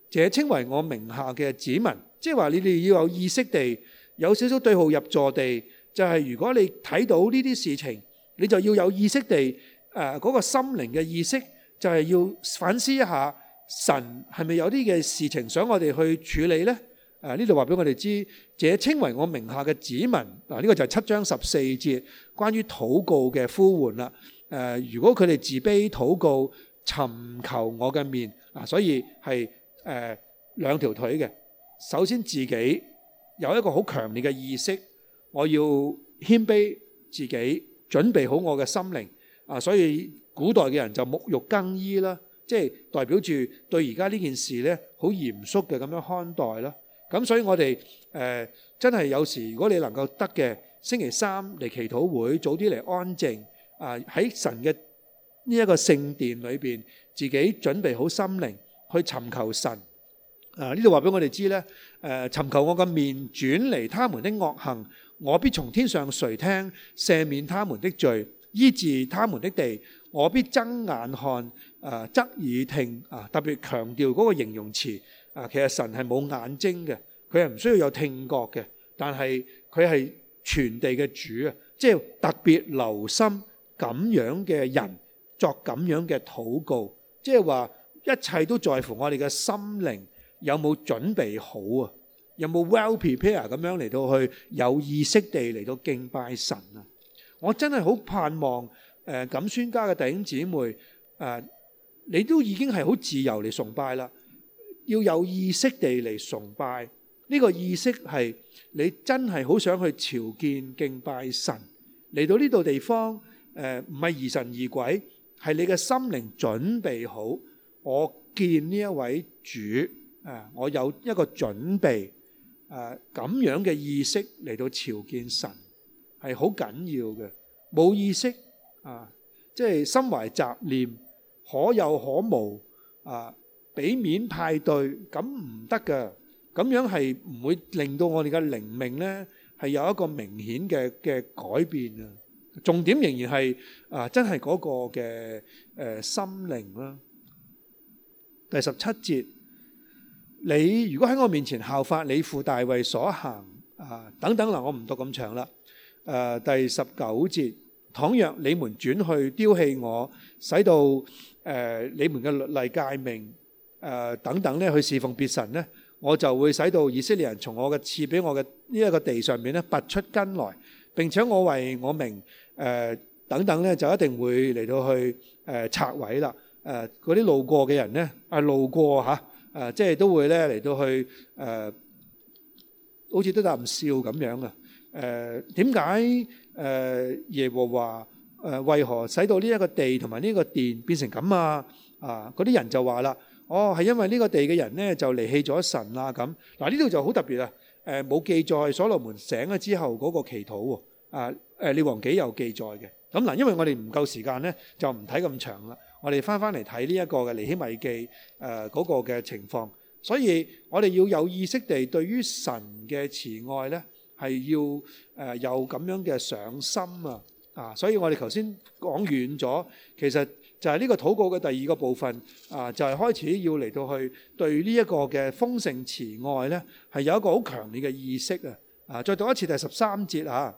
這稱為我名下嘅子民。即係話，你哋要有意識地有少少對號入座地，就係、是、如果你睇到呢啲事情，你就要有意識地誒嗰、呃那個心靈嘅意識，就係要反思一下。神係咪有啲嘅事情想我哋去處理呢？呢度話俾我哋知，這稱為我名下嘅子民嗱，呢、啊呢個就係七章十四節關於禱告嘅呼喚啦、啊。如果佢哋自卑禱告，尋求我嘅面、啊、所以係誒兩條腿嘅。首先自己有一個好強烈嘅意識，我要謙卑自己，準備好我嘅心靈啊。所以古代嘅人就沐浴更衣啦。即係代表住對而家呢件事呢，好嚴肅嘅咁樣看待咯。咁所以我哋誒真係有時，如果你能夠得嘅星期三嚟祈禱會，早啲嚟安靜啊，喺神嘅呢一個聖殿裏面，自己準備好心靈去尋求神。啊，呢度話俾我哋知呢，誒尋求我嘅面轉離他們的惡行，我必從天上垂聽，赦免他們的罪，醫治他們的地。我必睜眼看，啊、呃，側耳聽，啊、呃，特別強調嗰個形容詞，啊、呃，其實神係冇眼睛嘅，佢係唔需要有聽覺嘅，但係佢係全地嘅主啊，即係特別留心咁樣嘅人作咁樣嘅禱告，即係話一切都在乎我哋嘅心靈有冇準備好啊？有冇 well prepared 咁樣嚟到去有意識地嚟到敬拜神啊？我真係好盼望。誒咁，孫家嘅弟兄姊妹，誒你都已經係好自由嚟崇拜啦。要有意識地嚟崇拜，呢個意識係你真係好想去朝見敬拜神。嚟到呢度地方，誒唔係疑神疑鬼，係你嘅心靈準備好。我見呢一位主，誒我有一個準備，誒咁樣嘅意識嚟到朝見神係好緊要嘅。冇意識。啊，即係心懷雜念，可有可無啊，俾面派對咁唔得㗎，咁樣係唔會令到我哋嘅靈命呢係有一個明顯嘅嘅改變啊！重點仍然係啊，真係嗰個嘅誒、呃、心靈啦、啊。第十七節，你如果喺我面前效法你父大衛所行啊，等等嗱，我唔讀咁長啦。誒、啊，第十九節。倘若你們轉去丟棄我，使到誒你們嘅律例誡命誒等等咧去侍奉別神咧，我就會使到以色列人從我嘅賜俾我嘅呢一個地上面咧拔出根來。並且我為我名誒等等咧就一定會嚟到去誒拆毀啦。誒嗰啲路過嘅人咧，啊路過吓誒，即係都會咧嚟到去誒，好似都得唔笑咁樣啊誒點解？誒耶和華誒為何使到呢一個地同埋呢個殿變成咁啊？啊，嗰啲人就話啦：，哦，係因為呢個地嘅人咧就離棄咗神啦咁嗱，呢度、啊、就好特別啦誒冇記載所羅門醒咗之後嗰個祈禱喎，啊誒列、啊、王紀有記載嘅。咁、啊、嗱，因為我哋唔夠時間咧，就唔睇咁長啦。我哋翻翻嚟睇呢一個嘅尼希米記誒嗰、啊那個嘅情況，所以我哋要有意識地對於神嘅慈愛咧。係要誒有咁樣嘅上心啊！啊，所以我哋頭先講遠咗，其實就係呢個禱告嘅第二個部分啊，就係開始要嚟到去對呢一個嘅豐盛慈愛呢，係有一個好強烈嘅意識啊！啊，再讀一次第十三節啊，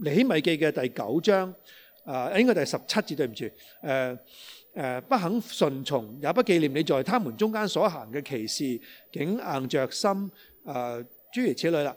《尼希米記》嘅第九章啊，應該第十七節，對唔住，誒不肯順從，也不記念你，在他們中間所行嘅歧視，竟硬着心啊，諸如此類啦。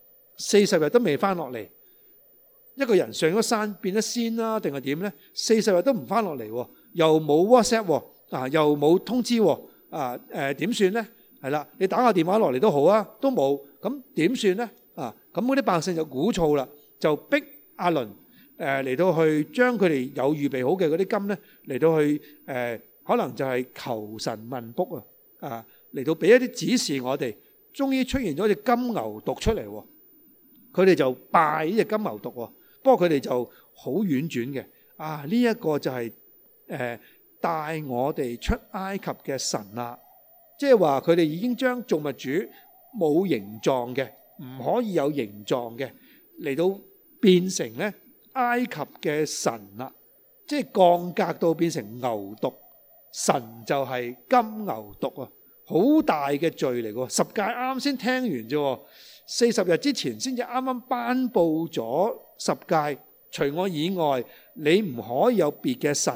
四十日都未翻落嚟，一個人上咗山變咗仙啦，定係點咧？四十日都唔翻落嚟，又冇 WhatsApp，啊，又冇通知，啊，誒點算咧？係啦，你打個電話落嚟都好啊，都冇，咁點算咧？啊，咁嗰啲百姓就鼓噪啦，就逼阿倫誒嚟到去將佢哋有預備好嘅嗰啲金咧嚟到去誒，可能就係求神問卜啊，啊嚟到俾一啲指示我哋，終於出現咗隻金牛讀出嚟。佢哋就拜呢隻金牛犢喎，不過佢哋就好婉轉嘅。啊，呢、這、一個就係誒帶我哋出埃及嘅神啦，即係話佢哋已經將造物主冇形狀嘅，唔可以有形狀嘅，嚟到變成咧埃及嘅神啦，即係降格到變成牛犢神就係金牛犢啊，好大嘅罪嚟喎。十戒啱先聽完啫。四十日之前先至啱啱頒布咗十誡，除我以外，你唔可以有別嘅神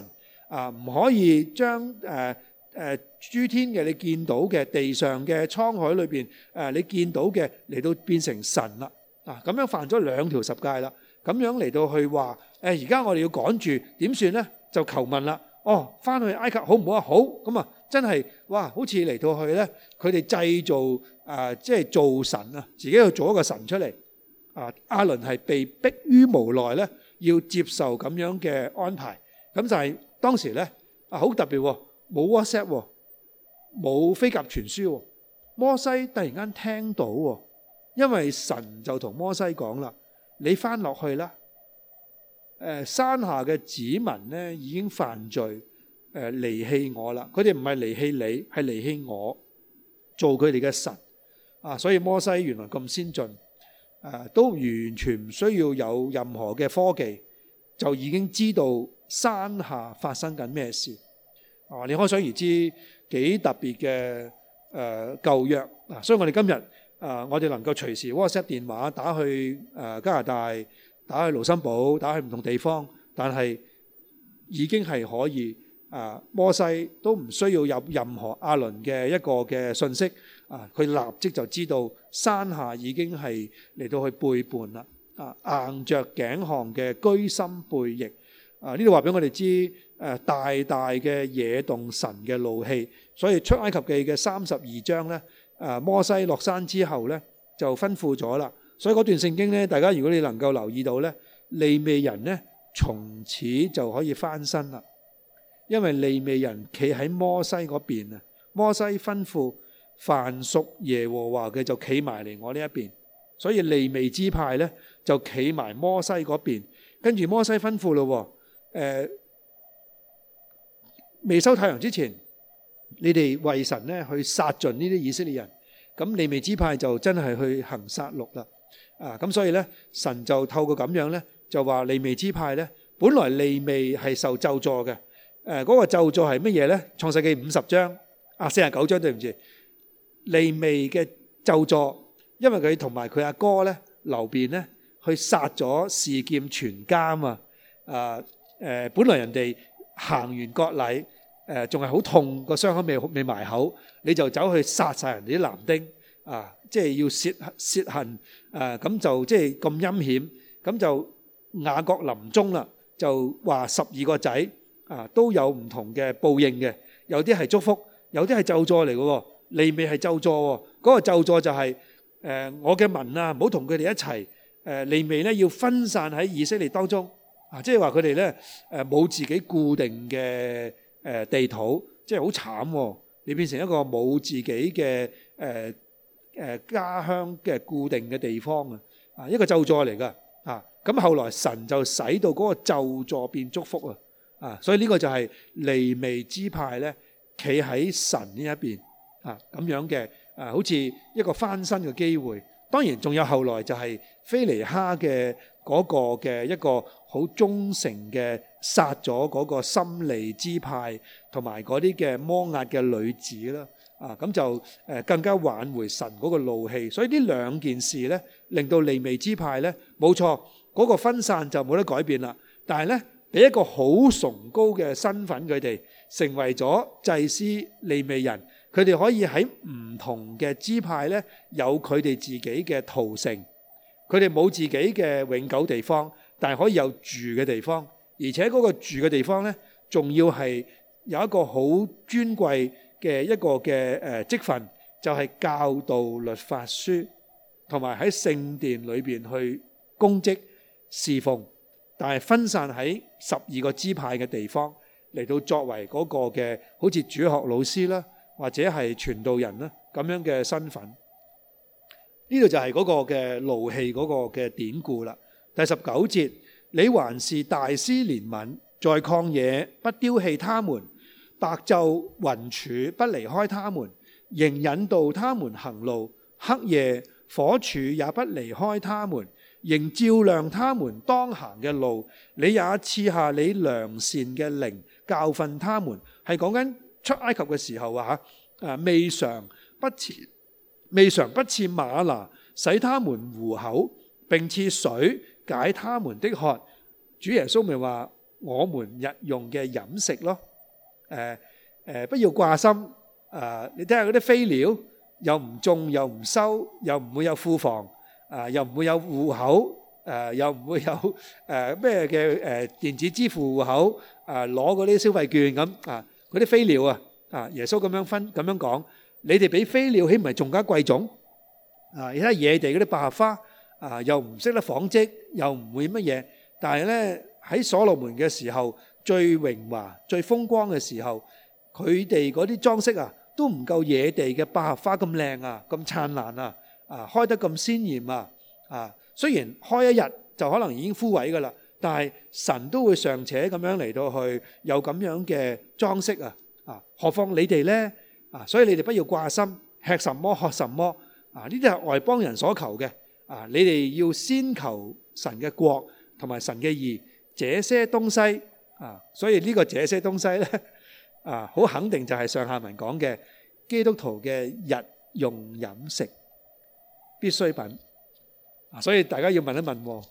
啊！唔可以將誒誒、呃、諸天嘅你見到嘅地上嘅滄海裏邊誒、呃、你見到嘅嚟到變成神啦啊！咁樣犯咗兩條十誡啦，咁樣嚟到去話誒而家我哋要趕住點算呢？就求問啦。哦，翻去埃及好唔好啊？好，咁啊，真係哇，好似嚟到去咧，佢哋製造啊，即係造神啊，自己去造一個神出嚟啊。亞倫係被逼於無奈咧，要接受咁樣嘅安排。咁就係當時咧，啊好特別喎，冇 WhatsApp 喎，冇飛鴿傳書喎。摩西突然間聽到喎，因為神就同摩西講啦，你翻落去啦。誒、呃、山下嘅子民咧已經犯罪，誒離棄我啦！佢哋唔係離棄你，係離棄我，做佢哋嘅神啊！所以摩西原來咁先進，誒、啊、都完全唔需要有任何嘅科技，就已經知道山下發生緊咩事啊！你可想而知幾特別嘅誒舊約啊！所以我哋今日誒、啊、我哋能夠隨時 WhatsApp 電話打去、呃、加拿大。打去盧森堡，打去唔同地方，但係已經係可以啊！摩西都唔需要有任何阿倫嘅一個嘅信息啊！佢立即就知道山下已經係嚟到去背叛啦啊！硬着頸項嘅居心背逆啊！呢度話俾我哋知誒、啊、大大嘅惹動神嘅怒氣，所以出埃及記嘅三十二章呢，啊摩西落山之後呢，就吩咐咗啦。所以嗰段聖經咧，大家如果你能夠留意到咧，利未人咧從此就可以翻身啦。因為利未人企喺摩西嗰邊啊，摩西吩咐凡屬耶和華嘅就企埋嚟我呢一邊，所以利未支派咧就企埋摩西嗰邊。跟住摩西吩咐咯，誒、呃，未收太陽之前，你哋為神咧去殺盡呢啲以色列人，咁利未支派就真係去行殺戮啦。啊，咁所以咧，神就透過咁樣咧，就話利未支派咧，本來利未係受咒詛嘅，誒嗰個咒詛係乜嘢咧？創世記五十章啊，四十九章對唔住，利未嘅咒詛，因為佢同埋佢阿哥咧，流便咧，去殺咗示劍全城啊，誒誒，本來人哋行完割禮，誒仲係好痛，個傷口未未埋口，你就走去殺曬人哋啲男丁啊，即係要泄泄恨。誒咁就即係咁陰險，咁就雅各臨終啦，就話十二個仔啊都有唔同嘅報應嘅，有啲係祝福，有啲係咒詛嚟嘅喎，利未係咒詛喎，嗰個咒詛就係誒我嘅民啊，唔好同佢哋一齊，誒利未呢要分散喺以色列當中啊，即係話佢哋呢誒冇自己固定嘅誒地土，即係好慘，你變成一個冇自己嘅誒。誒家鄉嘅固定嘅地方啊，啊一個咒詛嚟㗎，啊咁後來神就使到嗰個咒詛變祝福啊，啊所以呢個就係利未支派咧，企喺神呢一邊啊咁樣嘅，啊好似一個翻身嘅機會。當然仲有後來就係菲尼哈嘅嗰個嘅一個好忠誠嘅殺咗嗰個心利支派同埋嗰啲嘅摩押嘅女子啦。啊，咁就誒更加挽回神嗰個怒氣，所以呢兩件事呢，令到利未支派呢，冇錯嗰個分散就冇得改變啦。但係呢，俾一個好崇高嘅身份，佢哋成為咗祭司利未人，佢哋可以喺唔同嘅支派呢，有佢哋自己嘅屠城，佢哋冇自己嘅永久地方，但係可以有住嘅地方，而且嗰個住嘅地方呢，仲要係有一個好尊貴嘅一個嘅誒職分就係教導律法書，同埋喺聖殿裏邊去供職侍奉，但係分散喺十二個支派嘅地方嚟到作為嗰個嘅好似主學老師啦，或者係傳道人啦咁樣嘅身份。呢度就係嗰個嘅勞氣嗰個嘅典故啦。第十九節，你還是大施憐憫，在曠野不丟棄他們。白晝雲柱不離開他們，仍引導他們行路；黑夜火柱也不離開他們，仍照亮他們當行嘅路。你也賜下你良善嘅靈教訓他們，係講緊出埃及嘅時候啊！誒，未嘗不賜未嘗不賜馬拿使他們糊口，並賜水解他們的渴。主耶穌咪話：我們日用嘅飲食咯。誒誒，不要掛心啊！你睇下嗰啲飛鳥，又唔種又唔收，又唔會有庫房啊，又唔會有戶口啊，又唔會有誒咩嘅誒電子支付戶口啊，攞嗰啲消費券咁啊！嗰啲飛鳥啊啊！耶穌咁樣分咁樣講，你哋比飛鳥豈唔係仲加貴重啊！你睇野地嗰啲百合花啊，又唔識得紡織，又唔會乜嘢，但係咧喺所羅門嘅時候。最榮華、最風光嘅時候，佢哋嗰啲裝飾啊，都唔夠野地嘅百合花咁靚啊，咁燦爛啊，啊開得咁鮮豔啊，啊雖然開一日就可能已經枯萎噶啦，但係神都會尚且咁樣嚟到去有咁樣嘅裝飾啊，啊何況你哋呢啊，所以你哋不要掛心，吃什麼喝什麼啊？呢啲係外邦人所求嘅啊，你哋要先求神嘅國同埋神嘅義，這些東西。啊，所以呢個這些東西咧，啊，好肯定就係上下文講嘅基督徒嘅日用飲食必需品。所以大家要問一問喎，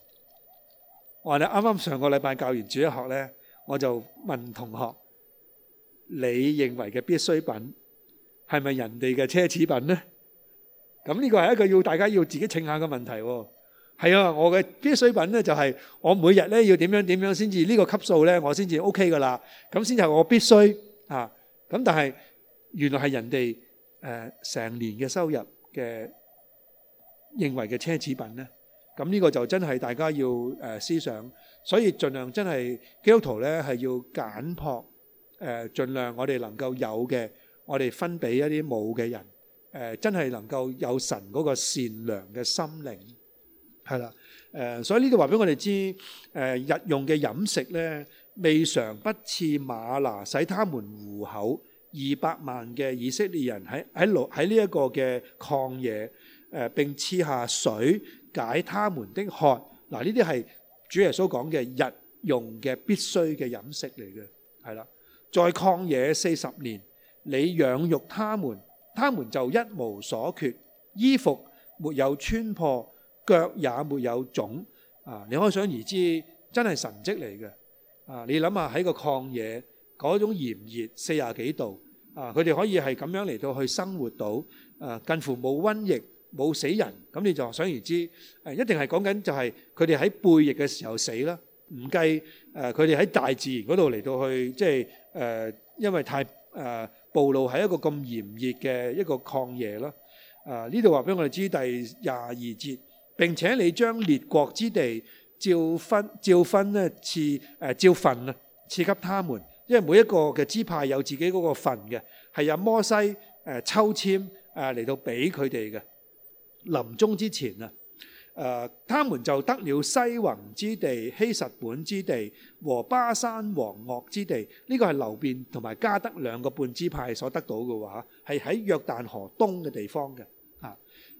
我哋啱啱上個禮拜教完主日學咧，我就問同學：你認為嘅必需品係咪人哋嘅奢侈品呢？咁呢個係一個要大家要自己請下嘅問題喎。係啊，我嘅必需品咧就係我每日咧要點樣點樣先至呢個級數咧，我先至 OK 噶啦。咁先係我必須啊。咁但係原來係人哋誒成年嘅收入嘅認為嘅奢侈品咧。咁呢個就真係大家要誒思想，所以儘量真係基督徒咧係要簡樸誒，儘量我哋能夠有嘅，我哋分俾一啲冇嘅人誒，真係能夠有神嗰個善良嘅心靈。係啦，誒，所以呢度話俾我哋知，誒，日用嘅飲食咧，未嘗不賜嗎哪，使他們糊口二百萬嘅以色列人喺喺路喺呢一個嘅曠野，誒並賜下水解他們的渴。嗱，呢啲係主耶穌講嘅日用嘅必須嘅飲食嚟嘅，係啦，在曠野四十年，你養育他們，他們就一無所缺，衣服沒有穿破。腳也沒有腫，啊！你可以想而知，真係神蹟嚟嘅。啊！你諗下喺個曠野嗰種炎熱四廿幾度，啊！佢哋可以係咁樣嚟到去生活到，啊，近乎冇瘟疫、冇死人。咁你就想而知，誒，一定係講緊就係佢哋喺背疫嘅時候死啦。唔計誒，佢哋喺大自然嗰度嚟到去，即係誒，因為太誒暴露喺一個咁炎熱嘅一個曠野咯。啊！呢度話俾我哋知第廿二節。並且你將列國之地照分，照分咧，賜誒照份啊，賜給他們。因為每一個嘅支派有自己嗰個份嘅，係由摩西誒抽籤誒嚟到俾佢哋嘅。臨終之前啊，誒、呃，他們就得了西宏之地、希實本之地和巴珊王噩之地。呢、這個係流便同埋迦得兩個半支派所得到嘅話，係喺約旦河東嘅地方嘅。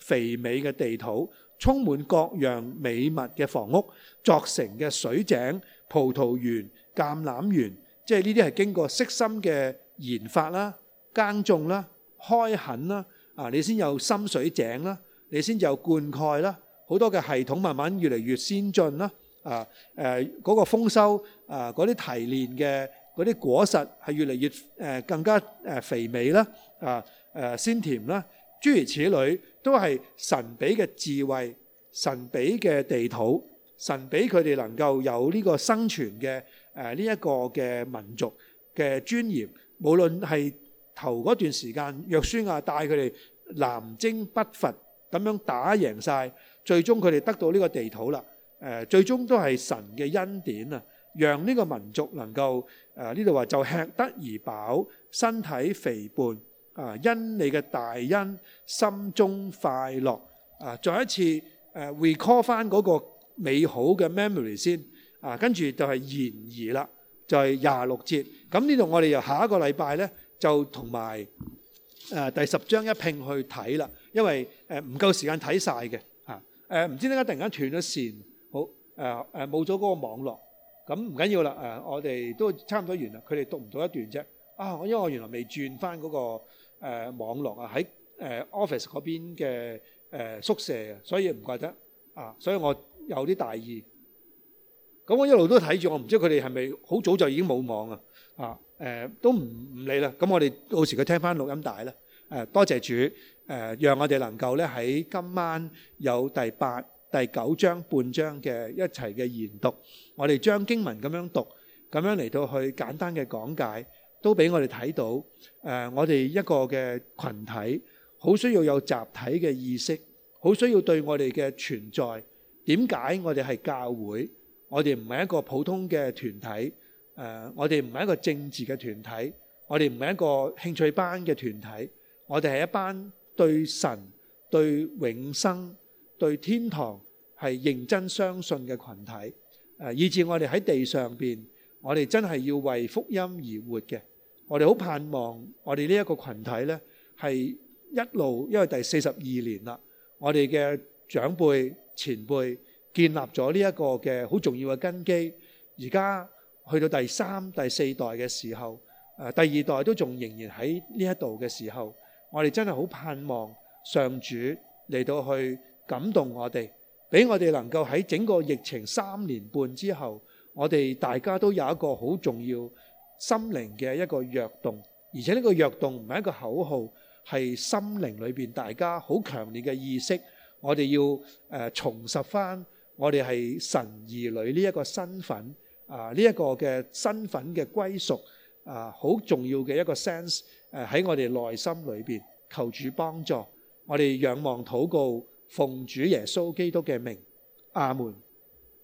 肥美嘅地土，充滿各樣美物嘅房屋，作成嘅水井、葡萄園、橄欖園，即係呢啲係經過悉心嘅研發啦、耕種啦、開墾啦，啊，你先有深水井啦，你先有灌溉啦，好多嘅系統慢慢越嚟越先進啦，啊，誒嗰個豐收，啊嗰啲提煉嘅嗰啲果實係越嚟越誒更加誒肥美啦，啊誒鮮甜啦，諸如此類。都係神俾嘅智慧，神俾嘅地土，神俾佢哋能夠有呢個生存嘅誒呢一個嘅民族嘅尊嚴。無論係頭嗰段時間，約書亞帶佢哋南征北伐，咁樣打贏晒，最終佢哋得到呢個地土啦。誒，最終都係神嘅恩典啊，讓呢個民族能夠誒呢度話就吃得而飽，身體肥胖。啊！因你嘅大恩，心中快樂。啊！再一次 record 翻嗰個美好嘅 memory 先。啊，跟住就係言而啦，就係廿六節。咁呢度我哋又下一個禮拜咧，就同埋第十章一拼去睇啦。因為唔夠時間睇晒嘅。啊誒，唔知點解突然間斷咗線。好，冇咗嗰個網絡。咁唔緊要啦。誒，我哋都差唔多完啦。佢哋讀唔到一段啫。啊，因為我原來未轉翻嗰個。誒網絡啊，喺誒 office 嗰邊嘅誒宿舍，所以唔怪得啊。所以我有啲大意，咁我一路都睇住，我唔知佢哋係咪好早就已經冇網啊？啊誒，都唔唔理啦。咁我哋到時佢聽返錄音帶啦。誒，多謝主誒，讓我哋能夠咧喺今晚有第八、第九章半章嘅一齊嘅研讀，我哋將經文咁樣讀，咁樣嚟到去簡單嘅講解。都俾我哋睇到，誒、呃，我哋一個嘅群體好需要有集體嘅意識，好需要對我哋嘅存在，點解我哋係教會，我哋唔係一個普通嘅團體，誒、呃，我哋唔係一個政治嘅團體，我哋唔係一個興趣班嘅團體，我哋係一班對神、對永生、對天堂係認真相信嘅群體，誒、呃，以至我哋喺地上邊，我哋真係要為福音而活嘅。我哋好盼望，我哋呢一個群體呢，係一路，因為第四十二年啦，我哋嘅長輩、前輩建立咗呢一個嘅好重要嘅根基。而家去到第三、第四代嘅時候，誒、第二代都仲仍然喺呢一度嘅時候，我哋真係好盼望上主嚟到去感動我哋，俾我哋能夠喺整個疫情三年半之後，我哋大家都有一個好重要心靈嘅一個躍動，而且呢個躍動唔係一個口號，係心靈裏邊大家好強烈嘅意識。我哋要誒重拾翻我哋係神兒女呢一個身份啊，呢、這個、一個嘅身份嘅歸屬啊，好重要嘅一個 sense 誒喺我哋內心裏邊，求主幫助我哋仰望禱告，奉主耶穌基督嘅名，阿門。